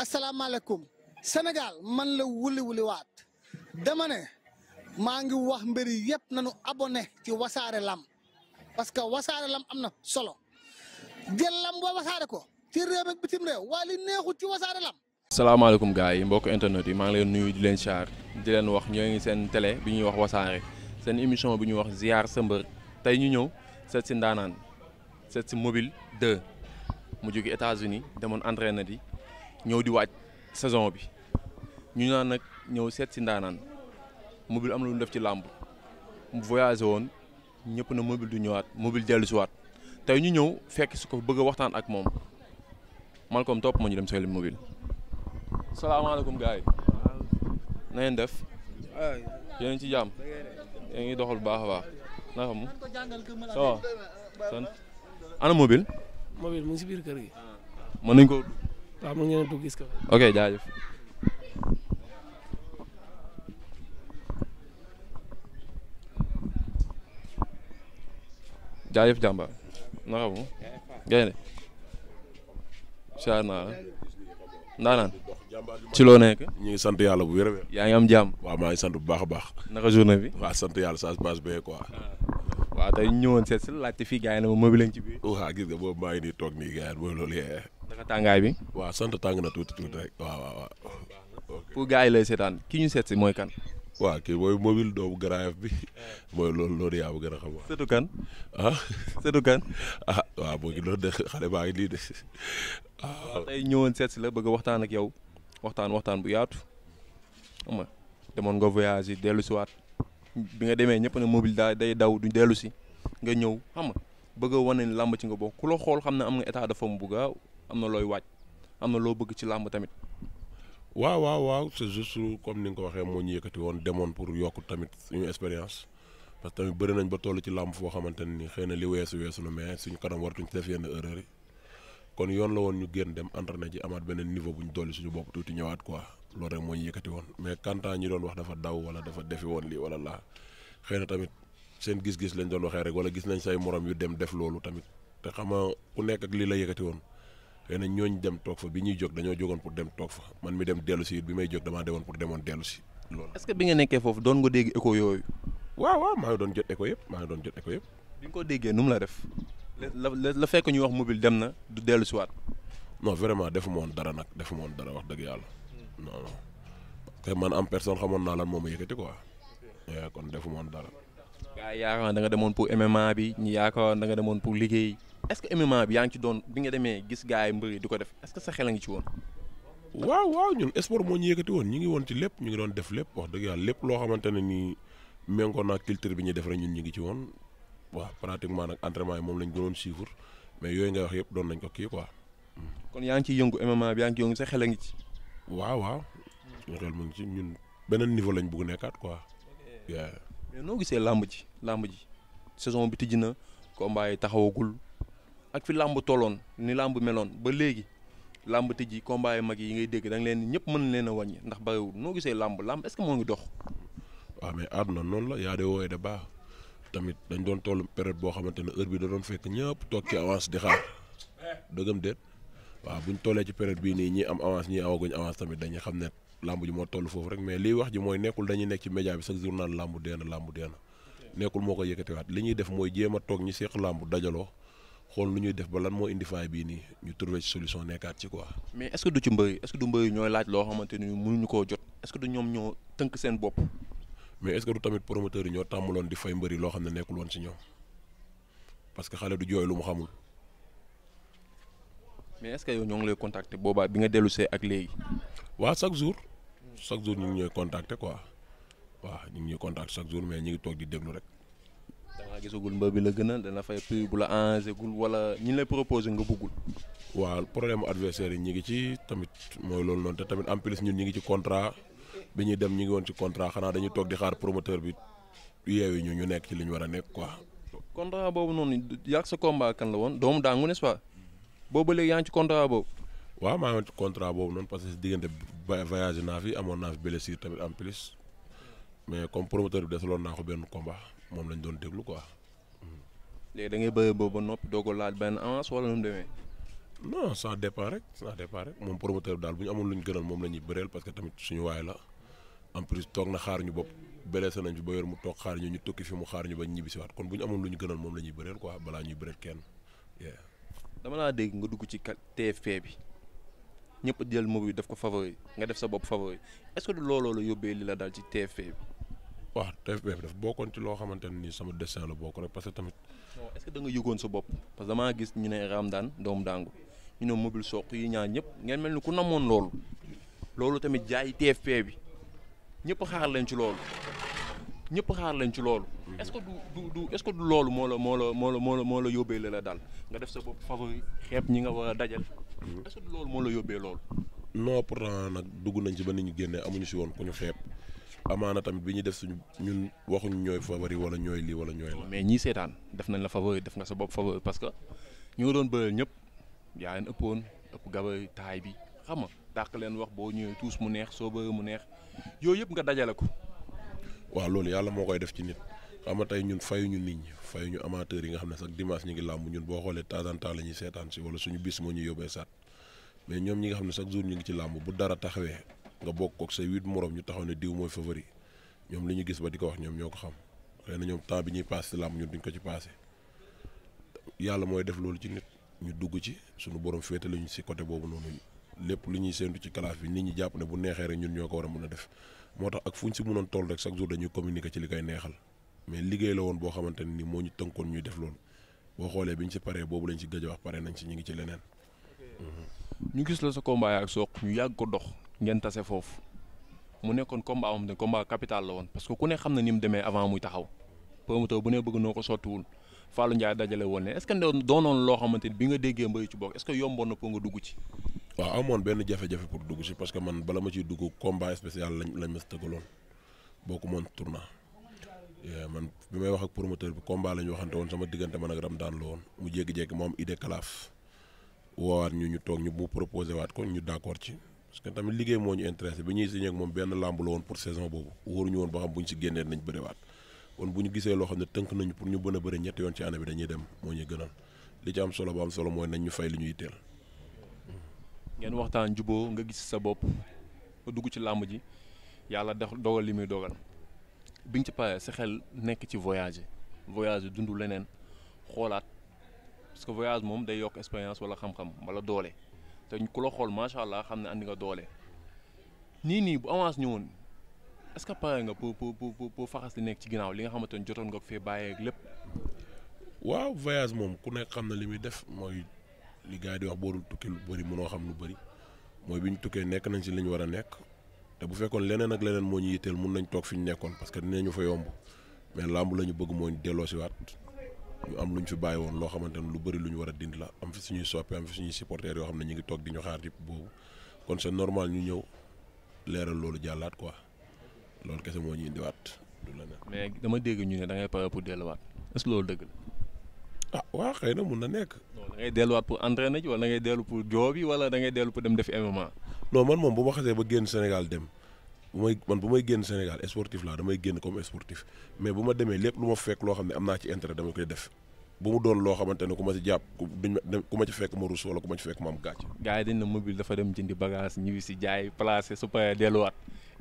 asalaamaaleykum senegal man la wuli wuli waat dama maa ngi wax mbir yëpp nañu abonné ci wasaare lam parce que wasaare lam am na solo jël lam boo wasaare ko ci réew ak bitim réew waa li neexul ci wasaare lam. salaamaaleykum gars yi mbokk internet yi maa ngi leen nuyu di leen char di leen wax ñoo ngi seen télé bi ñuy wax wasaare seen émission bi ñuy wax ziar sa mbër tey ñu ñëw seet si ndaanaan seet si mobile 2 mu jóge États-Unis demoon entraîné ñëw di waaj saison bi ñu naan nag ñëw seet si ndaanaan mobile am na lu def ci làmb mu voyagé woon ñëpp na mobile du ñëwaat mobile dellu si tey ñu ñëw fekk su ko bëgg a waxtaan ak moom Malcom topp ma ñu dem soxla mobile. salaamaaleykum gars def. yéen ci jàmm. ngi doxal bu baax a baax. na sant. ana mobile. mobile mu ngi si biir kër gi. mën nañ ko. waaw mu ngi gis ok jaajëf. jaajëf jàmbaar naka mu gaynde siyaar naa la ndaanaan ci loo nekk ñu ngi sant yàlla bu wér yaa ngi am jàmm waaw maa ngi sant bu baax a baax naka journée bi waa sant yàlla sa se passe bien quoi waaw tey ñëwoon seet si laajte fii gars ne ma mobile lañ ci biir waaw gis nga boobu maa ngi nii toog nii gars yi loolu yee naka tàngaay bi. waa sant tàng na tuuti tuuti rek waaw waaw waaw. pour gars yi lay seetaan ki ñu seet si mooy kan. waaw kii mooy mobile doomu garaaf bi mooy loolu loolu a xam waaw. sëtu kan ah sëtu ah, ngi doon de xale baa ngi lii de ah, waaw. tey ñëwoon seet si la bëgg waxtaan ak yow waxtaan waxtaan bu yaatu xam nga demoon nga voyage dellu si waat bi nga demee ñëpp ne mobile daa day daw du dellu si nga ñëw xam nga bëgg a wane làmb ci nga bokk ku la xool xam ne am nga état de forme bu am na looy waaj am na loo bëgg ci làmb tamit. waaw waaw waaw c'est juste comme ni nga ko waxee moo ñu yëkkati woon demoon pour yokk tamit suñu expérience parce que tamit bëri nañ ba toll ci làmb foo xamante ne ni xëy na li weesu weesu na mais suñu kanam waratuñ ci def yenn erreur yi kon yoon la woon ñu génn dem entraîné ji amaat beneen niveau bu ñu dolli suñu bopp tuuti ñëwaat quoi loolu rek moo ñu yëkkati woon mais kantaa ñi doon wax dafa daw wala dafa woon lii wala laa xëy na tamit seen gis-gis lañ doon waxee rek wala gis nañ say morom yu dem def loolu tamit te xam nga ku nekk lii la yëkkati woon xëy na ñooñ dem toog fa bi ñuy jóg dañoo jógoon pour dem toog fa man mi dem dellu si bi may jóg damaa demoon pour demoon dellu si loolu. est-ce que doon nga yëpp maa doon jot écho yëpp. bi nga ko déggee nu mu la def. la na du dellu si waat. non vraiment defuma woon dara nag defuma woon dara wax dëgg yàlla. Hmm. non non parce que man en personne xamoon naa lan moo ma yëkkati quoi. Eh, kon defuma woon dara. gaa yaakaar da nga demoon pour MMA bi ñu yaakaar da nga demoon pour liggéey est-ce que MMA bi yaa ngi ci doon bi nga demee gis gars yi mbër di ko def est-ce que sa xel a ngi ci woon. waaw waaw ñun sport moo ñu yëkkati woon ñu ngi woon ci lépp ñu ngi doon def lépp wax dëgg yàlla lépp loo xamante ne nii méngoo culture bi ñu def rek ñun ñu ngi ci woon waaw pratiquement nag entraînement yi moom lañ gënoon suivre mais yooyu ngay wax yëpp doon nañ ko kon yaa ngi ciy yëngu MMA bi yaa ngi a ngi waaw waaw. suñu xel mu ngi ci ñun beneen niveau lañ bëgg nekkaat quoi. mais noo gisee làmb ji làmb ji saison bi tijji na combat yi taxawagul ak fi làmb tolloon ni làmb meloon ba léegi làmb tëj yi combat mag yi ngay dégg da leen ñëpp mën leen a wàññi ndax bariwul noo gisee làmb làmb est-ce que moo ngi dox. waaw mais àdduna noonu la yaa de wooyee da baax tamit dañ doon toll période boo xamante ne heure bi da doon fekk ñëpp toog ci avance di xaar dëggam déet waaw buñ tollee ci période bii nii am avance ñi amaguñ avance tamit dañuy xam ne làmb ji moo toll foofu rek mais li wax ji mooy nekkul dañuy nekk ci média bi chaque jour naan làmb dee na làmb dee nekkul moo ko yëkkatiwaat li ñuy def mooy jéem toog ñi seeq làmb dajaloo xool lu ñuy def ba lan moo indi faay bii nii ñu trouver ci solution nekkaat ci quoi. mais est-ce que du ci mbëy est-ce que du mbëy ñooy laaj loo xamante ni mënuñu koo jot est-ce que du ñoom ñoo tënk seen bopp. mais est-ce que du yi ñoo tàmmaloon di fay mbëri loo xam ne nekkul woon ci ñoom parce que xale du jooy lu mu xamul. mais est-ce ñoo ngi lay contacter boobaa bi nga dellu see ak léegi. waa chaque jour chaque jour ñu ngi ñooy contacter quoi waaw ñu ngi ñuy contacter chaque jour mais ñu ngi toog di déglu rek. gisagul mbër bi la gën a dana fay prix bu la arrangé gul wala ñi lay proposé nga bëggul. waaw problème adversaire yi ñu ngi ci tamit mooy loolu noonu te tamit en plus ñun ñi ngi ci contrat bi dem ñi ngi woon ci contrat xanaa dañuy toog di xaar promoteur bi yeewi ñu ñu nekk ci li ñu war a nekk quoi. contrat boobu noonu yàgg sa combat kan la woon doomu daangu n'est-ce pas boobu léegi yaa ngi ci contrat boobu. waaw maa ngi ci contrat boobu noonu parce que si diggante voyage naa fi en plus mais comme promoteur bi desaloon naa ko benn combat. moom lañ doon déglu quoi. léegi da ngay bëre boobu ba noppi doo ko laaj benn avance wala nu mu demee. non ça dépend rek ça dépend rek moom promoteur bi daal bu ñu amoon lu ñu gënal moom la ñuy bëreel parce que tamit suñu waay la en plus toog na xaar ñu bopp blessé nañ fi ba yor mu toog xaar ñu ñu tukki fi mu xaar ñu ba ñibbisiwaat kon bu ñu amoon lu ñu gënal moom la ñuy ko quoi balaa ñuy bëreel kenn. dama laa dégg nga dugg ci fee bi ñëpp jël moom bi daf ko favori nga def sa bopp favori est looloo la yóbbee li la daal ci TFP bi. waaw TFP dafa bokkoon ci loo xamante ne nii sama destin la bokk rek parce que tamit. non est ce que da nga yëgoon sa bopp parce que damaa gis ñu ne Ramdan doomu daangu ñu ne mobile soq yi ñaar ñëpp ngeen mel ni ku namoon loolu loolu tamit jaay TFP bi ñëpp xaar leen ci loolu ñëpp xaar leen ci loolu. est du du loolu moo la moo la moo la moo la yóbbee daal nga def sa bopp favori xeeb ñi nga war a dajal. Mm-hmm. loolu moo la yóbbee loolu. non pourtant nag dugg nañ ci ba ni ñu génnee amuñu si woon ku ñu xeeb. amaana tamit bi ñu def suñu ñun waxuñ ñooy favori wala ñooy lii wala ñooy la. mais ñii seetaan def nañ la favori def nga sa bopp favori parce que ñu nga doon bëreel ñëpp yaa leen ëppoon ëpp gabay taay bi xam nga dàq leen wax boo ñëwee tuus mu neex soo bëree mu neex yooyu yëpp nga dajale ko. waaw loolu yàlla moo koy def ci nit xam nga tey ñun fayuñu nit ñi fayuñu amateurs yi nga xam ne sax dimanche ñu ngi làmb ñun boo xoolee temps temps la ñuy seetaan si wala suñu bis moo ñuy yóbbee saat ñoom ñi nga xam ne chaque jour ñu ngi ci làmb bu dara taxawee nga bokk kook say huit morom ñu taxaw ne diw mooy favori ñoom li ñu gis ba di ko wax ñoom ñoo ko xam xëy na ñoom temps bi ñuy paas si làmb duñ ko ci paase yàlla mooy def loolu ci nit ñu dugg ci suñu borom féete lañu si côté boobu noonu lépp lu ñuy séntu ci kalaaf bi nit ñi jàpp ne bu neexee rek ñun ñoo ko war a mën a def moo tax ak fu ñu si mënoon toll rek chaque jour dañuy communiquer ci li koy neexal mais liggéey la woon boo xamante ne ni moo ñu tënkoon ñuy def loolu boo xoolee bi ñu si boobu lañ si gëj wax pare nañ si ñu ngi ci leneen. ñu gis la sa combat ak Sokh ñu yàgg ko dox ngeen tase foofu mu nekkoon combat am ne combat capital la woon parce que ku ne xam na ni mu demee avant muy taxaw promoteur bu noo ko sottiwul Fallou Ndiaye dajale woon ne est-ce que doonoon loo xamante ni bi nga déggee mbay ci bokk est-ce que yomboon na pour nga dugg ci. parce que man bala ma ciy dugg combat spécial lañ lañ ma si tëggaloon bokku moon tournant man may wax ak promoteur bi combat la ñu waxante woon sama diggante man ak Ramdaan la woon mu jékki-jékki mu am idée calaf woowaat ñu ñu toog ñu bu proposé waat ko ñu d'accord ci. parce que tamit liggéey moo ñu intéressé bi ñuy signé moom benn làmb la woon pour saison boobu wóoruñu woon ba xam bu ñu si génnee nañ bëriwaat kon bu ñu gisee loo xam ne tënk nañu pour ñu bën a bëri ñetti yoon ci année bi dañuy dem moo ñuy gënal li ci am solo ba am solo mooy nañ ñu fay li ñu teel. ngeen waxtaan juboo nga gis sa bopp nga dugg ci làmb ji yàlla def dogal li muy dogal bi nga ci paree sa xel nekk ci voyage voyage dund leneen xoolaat parce moom day yokk expérience wala xam-xam doole. te ku la xool macha allah xam ne andi nga doole nii nii bu avance ñëwoon est-ce que pare nga pour pour pour pour faxas li nekk ci ginnaaw li nga xamante ne jotoon nga ko fee bàyyeek lépp. waaw voyage moom ku nekk xam na li muy def mooy li gars yi di wax boo tukki lu bëri munoo xam lu bëri mooy bi ñu tukkee nekk nañ ci li ñu war a nekk te bu fekkoon leneen ak leneen moo ñu yitteel mun nañ toog fi ñu nekkoon parce que ñu fa yomb mais làmb la ñu bëgg moo ñu delloo delloosiwaat. ñu am lu ñu fi bàyyi woon loo xamante ne lu bëri lu ñu war a dindi la am fi suñuy soppe am fi suñuy supporters yoo xam ne ñu ngi toog di ñu xaar ci boobu kon c'est normal ñu ñëw leeral loolu jàllaat quoi loolu kese moo ñu indiwaat du la ne. mais dama dégg ñu ne dangay pare pour delluwaat est loolu dëgg la. ah waaw xëy na mun na nekk. non da ngay delluwaat pour entraîner ji wala da ngay dellu pour joobi wala da ngay dellu pour dem def MMA. non man moom bu ma xasee ba génn Sénégal dem. bu may man bu may génn Sénégal sportif laa damay génn comme sportif mais bu ma demee lépp lu ma fekk loo xam ne am naa ci intérêt dama koy def bu mu doon loo xamante ne ku ma ci jàpp ku ma ci fekk ma rus wala ku ma ci fekk ma am gàcc. gars yi dañ mobile dafa dem jëndi bagage ñibi si jaay placé su paree delluwaat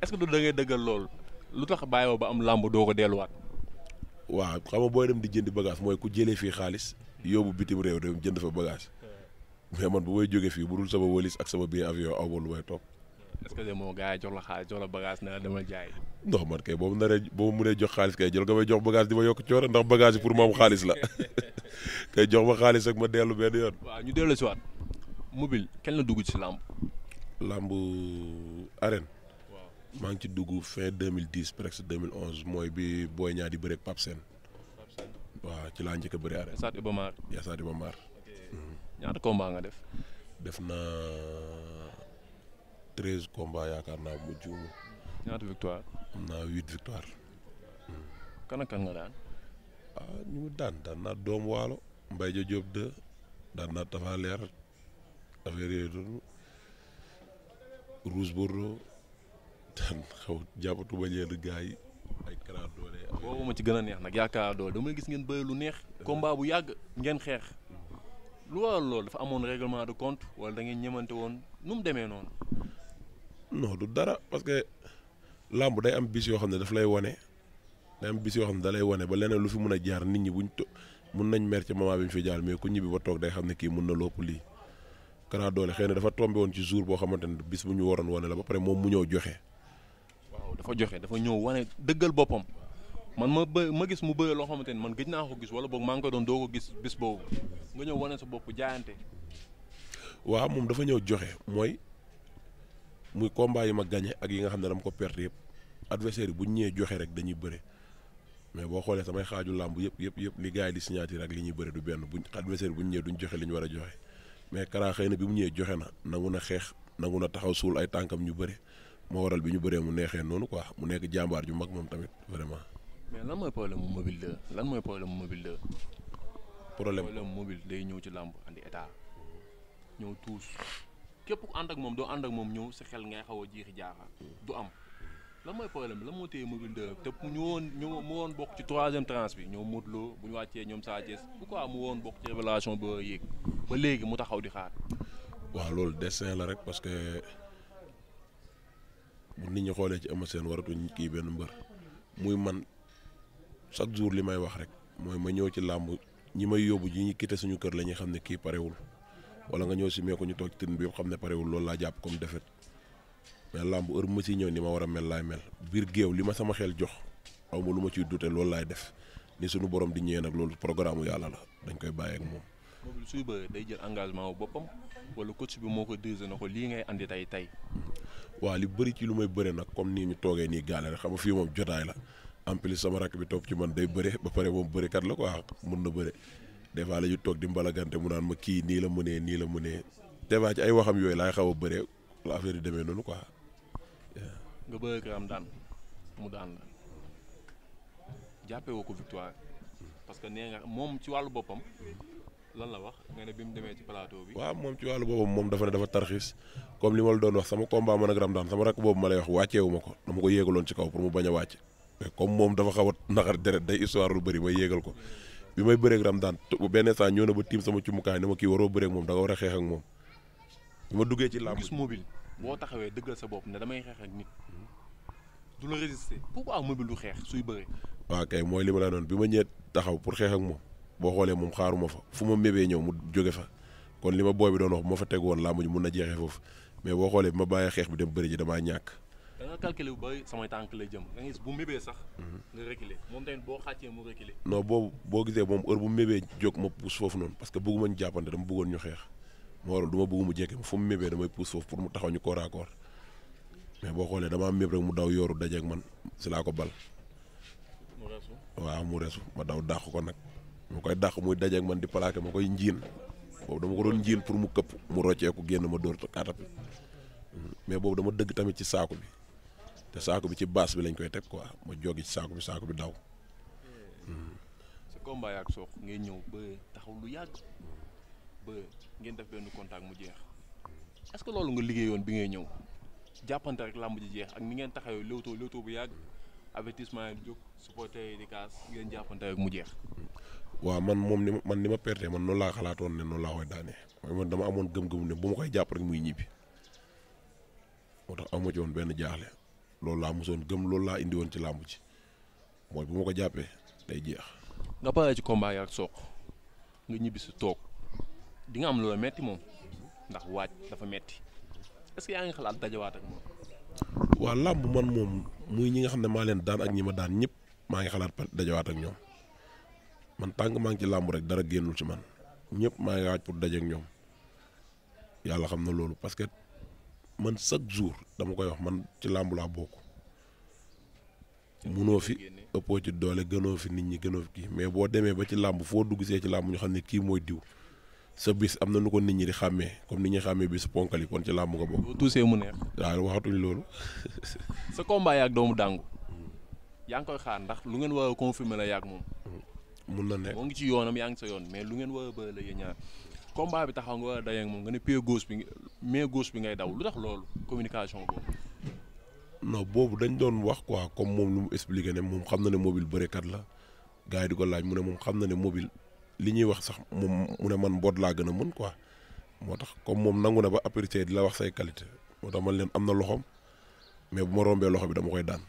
est-ce que du da ngay dëggal loolu lu tax bàyyiwoo ba am làmb doo ko delluwaat. waaw xam nga booy dem di jëndi bagage mooy ku jëlee fii xaalis yóbbu bitim réew dem jënd fa bagage mais man bu may fii bu dul sama walis ak sama billet avion aw ma lu may topp est que de moo gars yi jox la xaalis jox la xaalis kay jël nga may ma yokk coore ndax bagage yi pour la kay ma xaalis ak ma dellu benn ñu dellu si waat mobile kenn la dugg ci làmb. maa ngi ci dugg fin 2010 presque 2011 mooy bi Boy Niang di bëre ak Pape ci laa njëkk a bëri arène. Saat Iba Mar. yaa Saat Iba Mar. Mm. ñaata combat nga def. def na. treize combats yaakaar naa bu juum. ñaata victoire. am naa huit victoire. kan nga daan. Ah, ñu daan daan naa doom waalo. Mbaye Dia Diop de daan naa Tafa Leer affaire yooyu doon Rouge Bordeaux daan xaw jàppatu ba ñeent gars boobu ma ci gën a neex nag yaakaar doole dama gis ngeen bëri lu neex. combat bu yàgg ngeen xeex. lu waral loolu dafa amoon règlement de compte wala da ngeen woon nu mu demee noonu. non du dara parce que làmb day am bis yoo xam ne daf lay wane day yoo xam ne da wane ba leneen lu fi mun a jaar nit ñi buñ to nañ mer ci moment bi ñu fi jaar mais ku ñibbi toog day xam ne kii mun na lopp lii. Kara Dollé xëy na dafa tombé woon ci jour boo xamante ne bis bu ñu waroon wane la ba pare moom mu ñëw waaw dafa joxe dafa ñëw wane dëggal boppam. man ma bë ma gis mu bëre loo xamante ni man gëj naa ko gis wala boog maa ngi koy doon doo ko gis bis boobu nga ñëw wane sa bopp jaayante. waa moom dafa ñëw joxe mooy. muy combat yi ma gagné ak yi nga xam ne dama ko perte yëpp adversaire bu ñu ñëwee joxe rek dañuy bëre mais boo xoolee samay xaaju làmb yëpp yëpp yëpp li gars yi di signature ak li ñuy bëre du benn buñ adversaire bu ñu ñëwee duñ joxe li ñu war a joxe mais Kara xëy na bi mu ñëwee joxe na nangu na xeex nangu na taxaw suul ay tànkam ñu bëre moo waral bi ñu bëree mu neexee noonu quoi mu nekk jàmbaar ju mag moom tamit vraiment. mais lan mooy problème mu mobile 2 lan mooy problème mu mobile 2. problème problème mobile day ñëw ci làmb andi état ñëw tuus képp ku ànd ak moom doo ànd ak moom ñëw si xel ngay xaw a jiixi jaaxa du am la mooy problème la moo téye mobile 2 te ñu woon ñu mu woon bokk ci troisième tranche bi ñoom Modou bu ñu wàccee ñoom saa Sa Thiès pourquoi mu woon bokk ci révélation ba yéeg ba léegi mu taxaw di xaar. waaw loolu destin la rek parce que bu nit ñi xoolee ci Eumeu Sène waratuñ kii benn mbër muy man chaque jour li may wax rek mooy ma ñëw ci làmb ñi may yóbbu ji ñu quitté suñu kër la ñuy xam ne kii parewul wala nga ñëw si meeku ñu toog ci tën bi yëpp xam ne parewul loolu laa jàpp comme defet mais làmb heure ma si ñëw ni ma war a mel laay mel biir géew li ma sama xel jox aw ma lu ma ciy dute loolu laay def ni suñu borom di ñëwee nag loolu programme yàlla la dañ koy bàyyi moom moom. lu suy bëre day jël engagement wu boppam ko coach bi moo ko dirigé na ko lii ngay indi tey tey. Hmm. waaw li bëri ci lu may bëre nag comme nii ñu toogee nii gaale rek xam fii moom jotaay la en plus sama bi topp ci man day bëre ba pare moom bërekat la quoi mun na bëre. des fois la ñu toog di mbalagante mu naan ma kii nii la mënee nii la mënee des fois ci ay waxam yooyu laay xaw a bëree la affaire yi demee noonu quoi. nga am daan mu daan la jàppee ko victoire parce que nee moom ci wàllu boppam lan la wax nga ne bi mu demee ci plateau bi. waaw moom ci wàllu boppam moom dafa ne dafa tarxiis comme li ma la doon wax sama combat man ak Ramdaan sama rakk boobu ma lay wax wàcceewu ma ko dama ko yéegaloon ci kaw pour mu bañ a wàcc mais comme moom dafa xaw a naqar deret day histoire lu bëri ma yéegal ko. bi may bëreeg Ramdaan benn saa ñëw na ba tiim sama cumukaay ne ma kii waroo bëreeg moom da war a xeex ak moom bi ma duggee ci làmb gis mobile boo taxawee dëggal sa bopp ne damay xeex ak nit du la résister pourquoi xeex suy bëree waaw kay mooy li ma la doon bi ma ñëwee taxaw pour xeex ak moom boo xoolee moom xaaruma fa fu ma mébee ñëw mu jóge fa kon li ma booy bi doon wax bu ma fa teg woon làmb ji mun na jeexee foofu mais boo xoolee bi ma bàyyee xeex bi dem bëri ji damaa ñàkk da nga bu bari samay tànk lay jëm da nga gis bu mébee sax. nga reculer moom boo xàccee mu reculer. non boobu boo gisee moom heure bu mebee jóg ma pousse foofu noonu parce que bëgguma ñu jàppante dama bëggoon ñu xeex moo ma bëgg mu jékki ma fu mu mébee damay pousse foofu pour mu taxaw ñu corps à mais boo xoolee dama am méb rek mu daw yooru dajeeg man si laa ko bal. mu resu waaw mu resu ma daw dàq ko nag mu koy dàq muy dajeeg man di plaqué ma koy njiin boobu dama ko doon njiin pour mu këpp mu rocceeku génn ma dóor kàttan hmm. mais boobu dama dëgg tamit ci saako bi. te saako bi ci baas bi lañ koy teg quoi ma jóge ci saako bi saako bi daw. sa combat ak Sokh ngeen ñëw ba taxaw lu yàgg ba ngeen def benn contact mu jeex est que loolu nga liggéeyoon bi ngay ñëw jàppante rek làmb ji jeex ak ni ngeen taxawee léwtoo léwtoo bu yàgg avertissement yi di jóg supporter yi di kaas ngeen jàppante rek mu jeex. waaw man moom ni ma man ni ma perte man noonu laa xalaatoon ne noonu laa koy daane mooy dama amoon gëm-gëm ne bu jàpp rek muy ñibbi moo tax amu ci benn jaaxle. loolu laa mosoon gëm loolu laa indi woon ci làmb ci mooy bu ma ko jàppee day jeex. nga pare ci combat yi ak Sokh nga ñibbi si toog dinga nga am loola metti moom ndax waaj dafa metti est-ce que yaa ngi xalaat dajawaat ak moom. waa làmb man moom muy ñi nga xam ne maa leen daan ak ñi ma daan ñëpp maa ngi xalaat dajawaat ak ñoom man tàng maa ngi ci làmb rek dara génnul ci man ñëpp maa ngi waaj pour daje ak ñoom yàlla xam na loolu parce que. man chaque jour dama koy wax man ci làmb laa bokk munoo fi ëppoo ci doole gënoo fi nit ñi gënoo fi kii mais boo demee ba ci làmb foo dugg see ci làmb ñu xam ne kii mooy diw sa bis am na nu ko nit ñi di xàmmee comme nit ñi xàmmee bis ponkali kon ci làmb nga bokk. boo tuusee mu neex. waaw waxatuñ loolu. sa combat yaag doomu dàngu. yaa ngi koy xaar ndax lu ngeen war a confirmer la yaag moom. mun na nekk moo ngi ci yoonam yaa ngi sa yoon mais lu ngeen war a bëri la yéen combat bi taxaw nga war a dajeeg moom nga ne pied gauche bi main gauche bi ngay daw lu tax loolu communication boobu. non boobu dañ doon wax quoi comme moom lu mu expliqué ne moom xam na ne mobile bërekat la gars yi di ko laaj mu ne moom xam na ne mobile li ñuy wax sax moom mu ne man mboot laa gën a mën quoi moo tax comme moom nangu na ba apprécier di la wax say qualité moo tax man leen am na loxoom mais bu ma rombee loxo bi dama koy daan.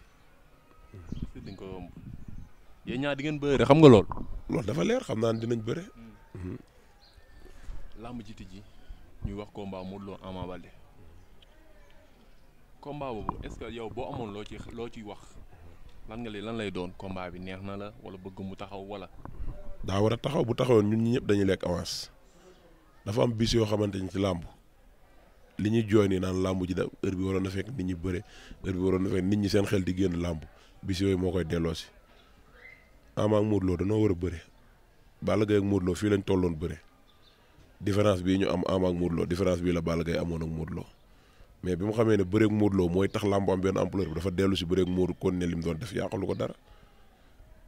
di nga ñaar di ngeen bëre xam nga loolu loolu dafa leer xam naa ne dinañ bëre. Hmm. Hmm. làmb ji tijji ñuy wax combat Modou loo Ama Baldé combat boobu est-ce que yow boo amoon loo ci loo ciy wax lan nga lay lan lay doon combat bi neex na la wala bëgg mu taxaw wala. daa war a taxaw bu taxawoon ñun ñi ñëpp dañuy lekk avance dafa am bis yoo xamante ni ci làmb li ñuy jooy nii naan làmb ji da heure bi waroon na fekk nit ñi bëre heure bi waroon na fekk nit ñi seen xel di génn làmb bis yooyu moo koy delloo si Ama ak Modou Lo danoo war a bëre Balla Gaye ak Modou Lo fii lañ tolloon bëre. différence bii ñu am am ak Modou Lo différence bii la Balla Gaye amoon ak Modou mais bi mu xamee ne bëreeg Modou Lo mooy tax làmb am benn ampleur bi dafa dellu si bëreeg Modou kon ne li mu doon def yàqalu ko dara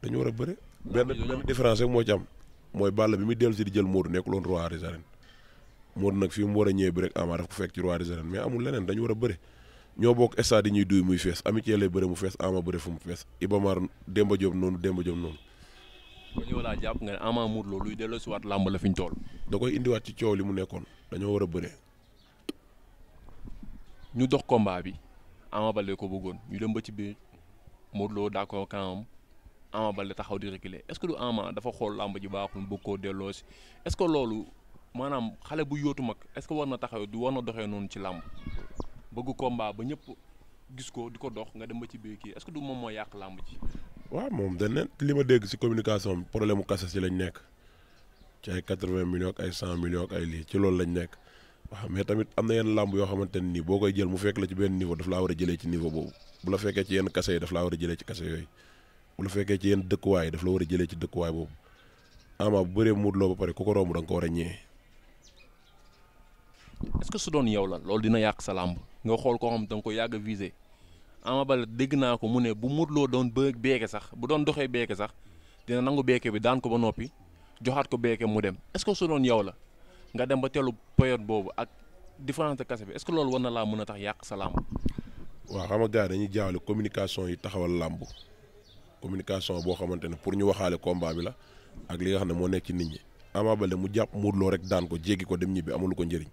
dañu war a bëre. benn différence rek moo ci am mooy Balla bi muy dellu si di jël Modou nekkul woon roi des arènes Modou nag fii mu war a ñëwee bi rek Ama daf ko fekk ci roi des mais amul leneen dañu war a bëre ñoo bokk stade yi ñuy duy muy fees amitié lay bëre mu fees Ama bëre fu ba ñëw jàpp nga ne Ama Modou Lo luy delloo waat làmb la fi ñu tool da koy indiwaat ci coow li mu nekkoon dañoo war a bëre. ñu dox combat bi Ama ko bëggoon ñu dem ba ci biir Modou Lo d'accord kanam Ama Baldé taxaw di reculer est-ce que du Ama dafa xool làmb ji baaxul bëgg koo delloo si est-ce que loolu maanaam xale bu yootu mag est-ce que war na taxaw du war na doxee noonu ci làmb bëgg combat ba ñëpp gis ko du ko dox nga dem ba ci biir kii est que du moom moo yàq làmb ji. waaw moom dañ li ma dégg si communication bi problème mu kase si lañ nekk ci ay quatre-vingts millions ak ay cent millions ak ay lii ci loolu lañ nekk waaw mais tamit am na yenn làmb yoo xamante ne nii boo koy jël mu fekk la ci benn niveau daf laa war a jëlee ci niveau boobu bu la fekkee ci yenn kase yi daf laa war a jëlee ci kase yooyu bu la fekkee ci yenn dëkkuwaay daf la war a jëlee ci dëkkuwaay boobu ama bu bëree Modou loo ba pare ku ko romb da nga ko war a ñëwee. que su doon yow la loolu dina yàq sa làmb nga xool koo xam da ko yàgg a Ama Baldé dégg naa ko mu ne bu Modou Lo doon bë beeke sax bu doon doxee beeke sax dina nangu beeke bi daan ko ba noppi joxaat ko beeke mu dem est-ce que su doon yow la nga dem ba tellu période boobu ak différence de kase bi est-ce loolu war na laa mën a tax yàq sa làmb waaw xam nga gars yi dañuy jaawale communication yi taxawal làmb communication boo xamante ne pour ñu waxaale combat bi la ak li nga xam ne moo nekk ci nit ñi Ama Baldé mu jàpp Modou rek daan ko jéggi ko dem ñibbi amul ko njëriñ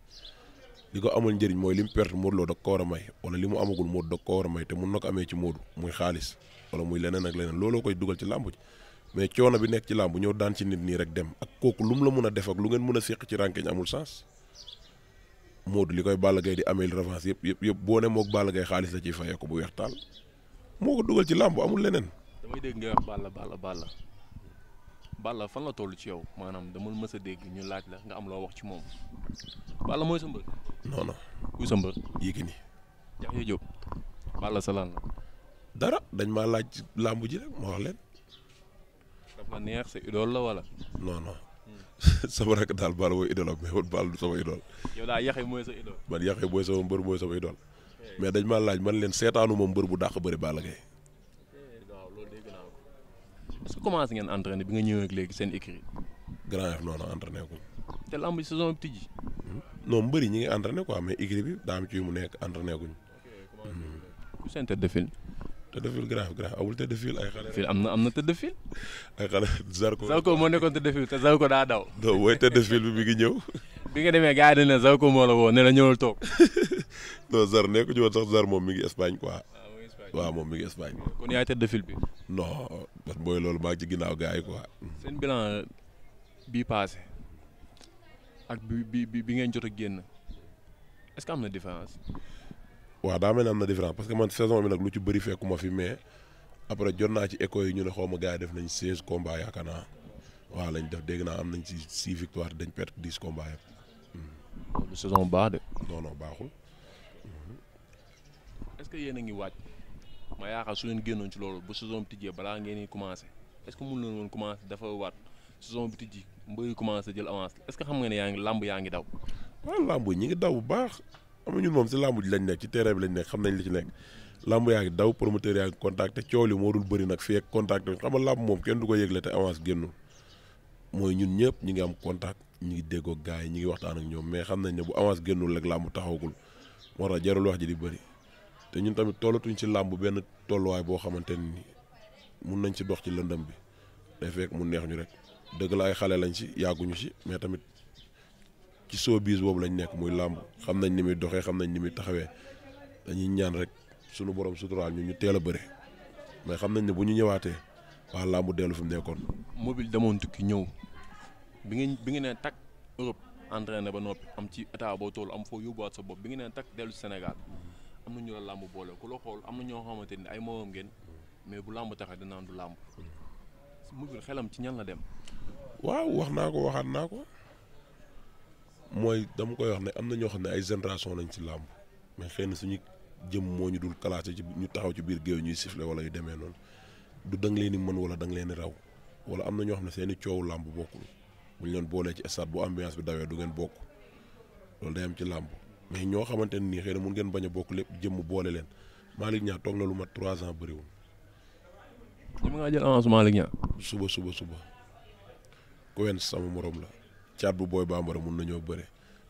li ko amul njëriñ mooy li mu perte Modou Lo ko war a may wala li mu amagul Modou da ko war a may te mun na ko amee ci Modou muy xaalis wala muy leneen ak leneen looloo koy dugal ci làmb ji mais coono bi nekk ci làmb ñëw daan ci nit nii rek dem ak kooku lu mu la mun a def ak lu ngeen mën a séq ci rànkeñ amul sens Modou li koy Balla Gaye di amee revanche yëpp yëpp yëpp boo ne moog Balla Gaye xaalis la ciy fayee ko bu weex taal moo ko dugal ci làmb amul leneen. damay dégg nga wax Balla Balla Balla Balla fan la toll ci yow maanaam dama mës a dégg ñu laaj la nga am loo wax ci moom Balla mooy sa mbër. non non kuy sa mbër. Yékini. Yaxya Jóob. Balla sa lan la. dara dañ maa laaj làmb ji rek ma neex sa idole la wala. non non. Hmm. sama rakk daal Balla mooy idole am mais man Balla du sama idole. yow daal Yaxya mooy sa idole. man Yaxya mooy mais dañ maa laaj man leen seetaanu ma mbër bu dàq bëri Balla Gaye est que commencé ngeen entraîné bi nga ñëwee ak léegi seen écrit Grand Yoff noonu entraîné ko. te lamb bi saison bi tijji. non mbëri ñi ngi entraîné quoi mais écrit bi daa am ci mu nekk entraîné guñ. ku seen tête de file. tête de file Grand Yoff de file ay am na am na tête de file. ay xale Zarko. Zarko moo nekkoon tête de file te Zarko daa daw. non booy tête de file bi mi ngi ñëw. bi nga demee gars yi dañ ne Zarko moo la woo ne na ñëwal toog. non Zar nekk ñu woon sax Zar moom mi ngi Espagne quoi. waaw moom mi ngi Espagne. kon yaay tête de bi. non parce booy loolu maa ngi ci ginnaaw gars yi quoi. seen bilan bi passé ak bi bi bi ngeen jot a génn est-ce que am na différence. waa daa mel ne am na différence parce que man saison bi nag lu ci bëri fekkuma fi mais après jot naa ci écho yi ñu ne xaw ma gars yi def nañ seize combats yaakaar naa waaw lañ def dégg naa am nañ ci six victoire dañ perte dix combats yëpp. loolu saison baax de. non non baaxul. est-ce que yéen a ngi waaj. ma yaakaar su ngeen génnoon ci loolu ba saison bi tijjee balaa ngeen di commencé est-ce que mën na woon commencé dafa waat saison bi tijji mbëri commencé jël avance est-ce que xam nga ni yaa ngi làmb yaa ngi daw. waaw làmb ñi ngi daw bu baax am ñun moom si làmb ji lañ nekk ci terrain bi lañ nekk xam nañ li ci nekk làmb yaa ngi daw promoteur yaa ngi contact te coow li moo dul bëri nag fii ak contact bi xam du ko yëgle te avance génnul mooy ñun ñëpp ñu ngi am contact ñu ngi déggoo gars yi ñi ngi waxtaan ak ñoom mais xam nañ ne bu avance génnul rek làmb taxawagul moo tax jarul wax ji di bëri te ñun tamit tollatuñ ci làmb benn tolluwaay boo xamante ni mun nañ ci dox ci lëndëm bi day fekk mu neex ñu rek dëgg la ay xale lañ ci yàgguñu si mais tamit ci showbiz boobu lañ nekk muy làmb xam nañ ni muy doxee xam nañ ni muy taxawee dañuy ñaan rek sunu borom suturaal ñu ñu teel a bëre mais xam nañ ne bu ñu ñëwaatee waa làmb dellu fi mu nekkoon. mobile demoon tukki ñëw bi nga bi ngeen ne takk Europe entraîné ba noppi am ci état boo toll am foo yóbbuwaat sa bopp bi ngeen ne takk dellu Sénégal. am na ñu la làmb boole ku la am na ñoo xamante ni ay moomam ngeen mais bu làmb taxee danaan du làmb mujjul xelam ci ñan la dem. waaw wax naa ko waxaat naa ko mooy dama koy wax ne am na ñoo xam ne ay génération lañ ci làmb mais xëy su ñu jëm moo ñu dul classé ci ñu taxaw ci biir géew ñuy siffler wala yu demee noonu du da nga leen di mën wala da nga leen di raw wala am na ñoo xam ne seen i coowu làmb bokkul bu ñu leen boolee ci stade bu ambiance bi dawee du ngeen bokk loolu day am ci làmb. mais ñoo xamante ne nii xëy na mun ngeen bañ a bokk lépp jëmm boole leen Malick Niang toog na lu mat trois ans bëriwul. ñoom nga jël avance Malick Niang. suba suba suba. Coen sama moroom la caat bu booy bambara mun nañoo bëre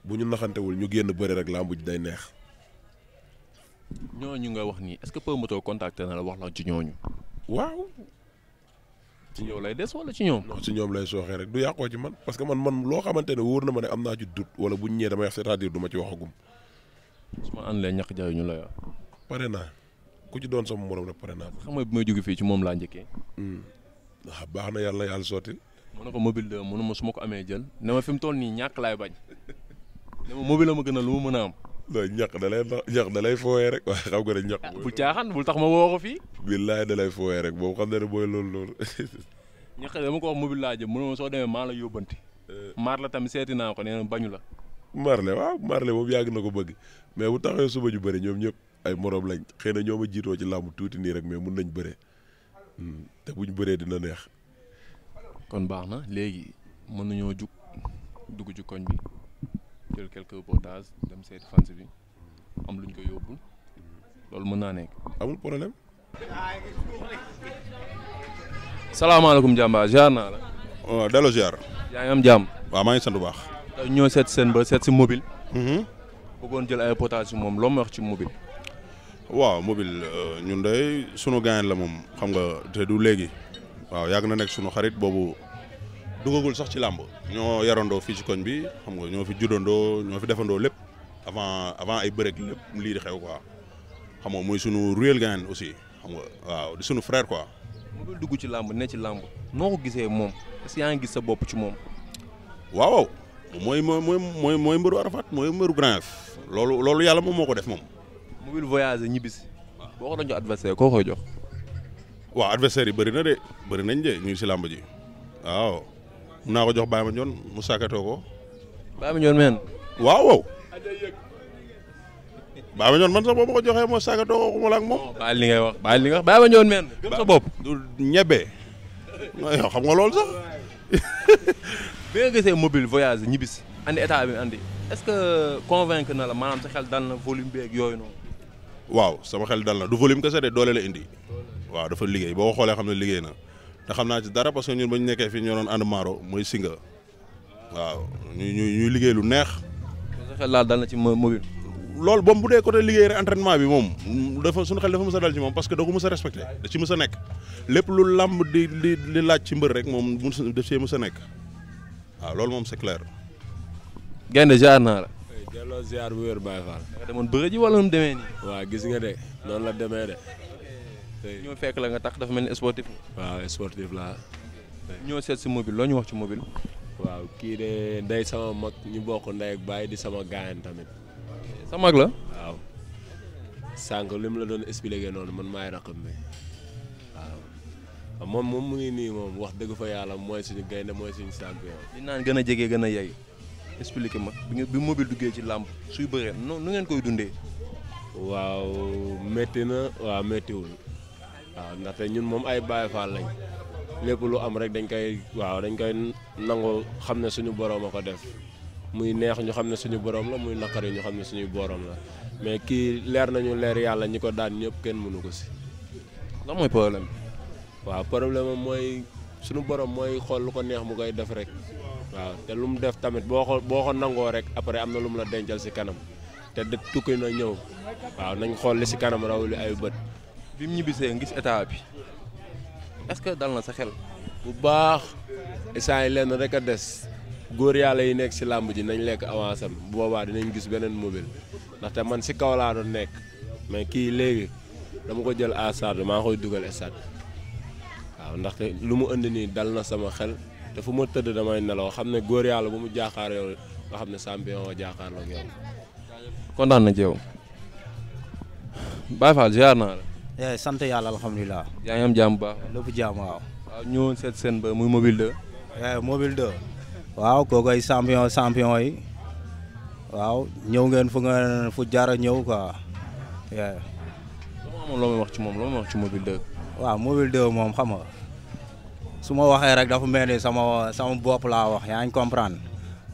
bu ñu naxantewul ñu génn bëre rek làmb ji day neex. ñooñu nga wax nii est-ce que Pambato contacté na la wax la ci ñooñu. waaw ci yow lay des wala ci ñoom. non ci ñoom lay sooxee rek du yàqoo ci man parce que man man loo xamante ne wóor na ma ne am naa ci dut wala bu ñu ñëwee damay wax c'est-à-dire ma ci waxagum. su ma àndalee ñàkk jaay ñu la yor. pare naa ku ci doon sama morom rek pare naa. xam nga bi may jóge fii ci moom laa njëkkee. waaw hmm. ah, baax na yàlla yàlla sotti. mu ne ko mobile de mënu ma su ma ko amee jël ne ma fi mu toll nii ñàkk laay bañ ne ma mobile la ma gën a lu ma mën a am. non ñaq da lay ñaq da rek waaye xam nga ne ñaq. Ah, bu caaxaan bul tax ma woo ko fii. billaay da lay fooyee rek moom xam na ne mooy loolu loolu. ñaq dama ko wax mobile laa jëm mënoo soo demee maa la yóbbanti. Eh. Marle tamit seeti naa ko nee bañu la. Marle waaw Marle moom yàgg na ko bëgg mais bu taxawee suba ñu bëri ñoom ñëpp ay morom lañ xëy na ñoo ma jiitoo ci làmb tuuti nii rek mais mun nañ bëree hmm, te buñ bëree dina neex. kon baax na léegi mën nañoo jug dugg ci koñ bi. jël quelques potages dem seet fans bi am luñ ko yóbbul loolu mën naa nekk. amul problème. salaamaaleykum jàmbaar jaar naa la. waaw oh, delloo jaar. yaa ngi am jàmm. waaw maa ngi seen bu baax. ñoo seet seen ba seet si mobile. Mhm. bëggoon jël ay potages si moom loo ma wax ci mobile. waaw mobile euh, ñun day sunu gaañ la moom xam nga te du léegi. waaw yàgg na nekk sunu xarit boobu. dugagul sax ci làmb ñoo yarandoo fii ci koñ bi xam nga ñoo fi juddandoo ñoo fi defandoo lépp avant avant ay bërëg lépp lii di xew ko xam nga muy sunu réel gain aussi xam nga waaw di sunu frère dugg ci làmb ne ci làmb noo ko gisee moom est ngi gis sa bopp ci moom. waaw mooy mooy mooy mooy mbëru Arafat mooy mbëru Grand loolu loolu yàlla moom moo ko def moom. mu ngi voyagé ñibbisi. boo ko doon jox adversaire koo koy jox. waaw adversaire yi bëri na de bëri nañ de ñu si làmb ji waaw. mun naa ko jox Baye Mandione mu sàkkatoo ko. Baye Mandione meen. waaw waaw. Baye Mandione man sax boo ma ko joxee moo sàkkatoo ko xuma la ak moom. baal li ngay wax baal li nga wax Baye Mandione meen. gëm sa bopp du ñebe. yow xam nga loolu sax. bi nga gisee mobile voyage ñibbisi andi état bi andi est-ce que convaincre na la maanaam sa xel dal na volume bi ak yooyu noonu. waaw sama xel dal na du volume kese de doole la indi. waaw dafa liggéey boo xoolee xam ne liggéey na. xam naa ci dara parce que ñun ba ñu nekkee fii ñoo doon ànd maaro mooy singa waaw ñu ñu ñuy liggéey lu neex. sa xel laal dal na ci loolu boom bu dee côté liggéey rek bi moom dafa suñu xel dafa mës dal ci moom parce que da ko mës a respecté da ci mës nekk lépp lu làmb di di di laaj ci mbër rek moom mu def see mës a nekk waaw loolu moom c'est clair. gaynde ziar naa la. delloo ziar bu wér Baye Fall. demoon bëgg ji wala nu demee nii. waaw gis nga de lool la demee de. ñoo fekk la nga tax dafa mel ni sportif waaw sportif laa ñoo seet si mobile loo ñu wax ci mobile waaw kii de ndey sama mag ñu bokk ndey bàyyi di sama gaayan tamit sa mag la waaw sànq li la doon expliqué noonu man maay raqam moom moom mu ngi wax dëgg fa yàlla mooy suñu gaynde mooy suñu champion li naan gën a jege gën a yey expliqué ma bi mobile duggee ci làmp suy bëree nu ngeen koy dundee waaw métti na waaw méttiwul waaw ndaxte ñun moom ay Baay Faal lañ lépp lu am rek dañ koy waaw dañ koy nangu xam ne suñu borom a ko def muy neex ñu xam ne suñu borom la muy naqari ñu xam ne suñu borom la mais kii leer nañu leer yàlla ñi ko daan ñëpp kenn mënu ko si. nga mooy problème waaw problème am mooy suñu borom mooy xool lu ko neex mu koy def rek. waaw te lu mu def tamit boo ko boo ko nangoo rek après am na lu mu la dencal si kanam te de tukki na ñëw waaw nañ xool li si kanam raw li ay bët. bi mu ñibbisee ngis état bi est-ce que dal na sa xel. bu baax instant yi lenn rek a des góor yàlla yi nekk ci làmb ji nañ lekk avance boobaa dinañ gis beneen mobile ndaxte man si kaw laa doon nekk mais kii léegi dama ko jël à stade maa koy dugal stade waaw ndaxte lu mu indi nii dal na sama xel te fu ma tëdd damay nelaw xam ne góor yàlla bu mu jaaxaar yow nga xam ne champion wa jaaxaar la ak kontaan na ci yow Baye Fall naa la. Eh, sant yàlla alhamdulilah. yaa ngi am jàmm bu baax. waaw. waaw ñëwoon seet seen ba muy mobile 2. Eh, mobile 2. waaw kooku ay champion champion yi waaw ñëw ngeen fu ngeen a ñëw quoi. moom loo may ci moom loo may wax ci mobile moom xam nga su ma waxee rek dafa mel sama sama bopp laa wax yaa ngi comprendre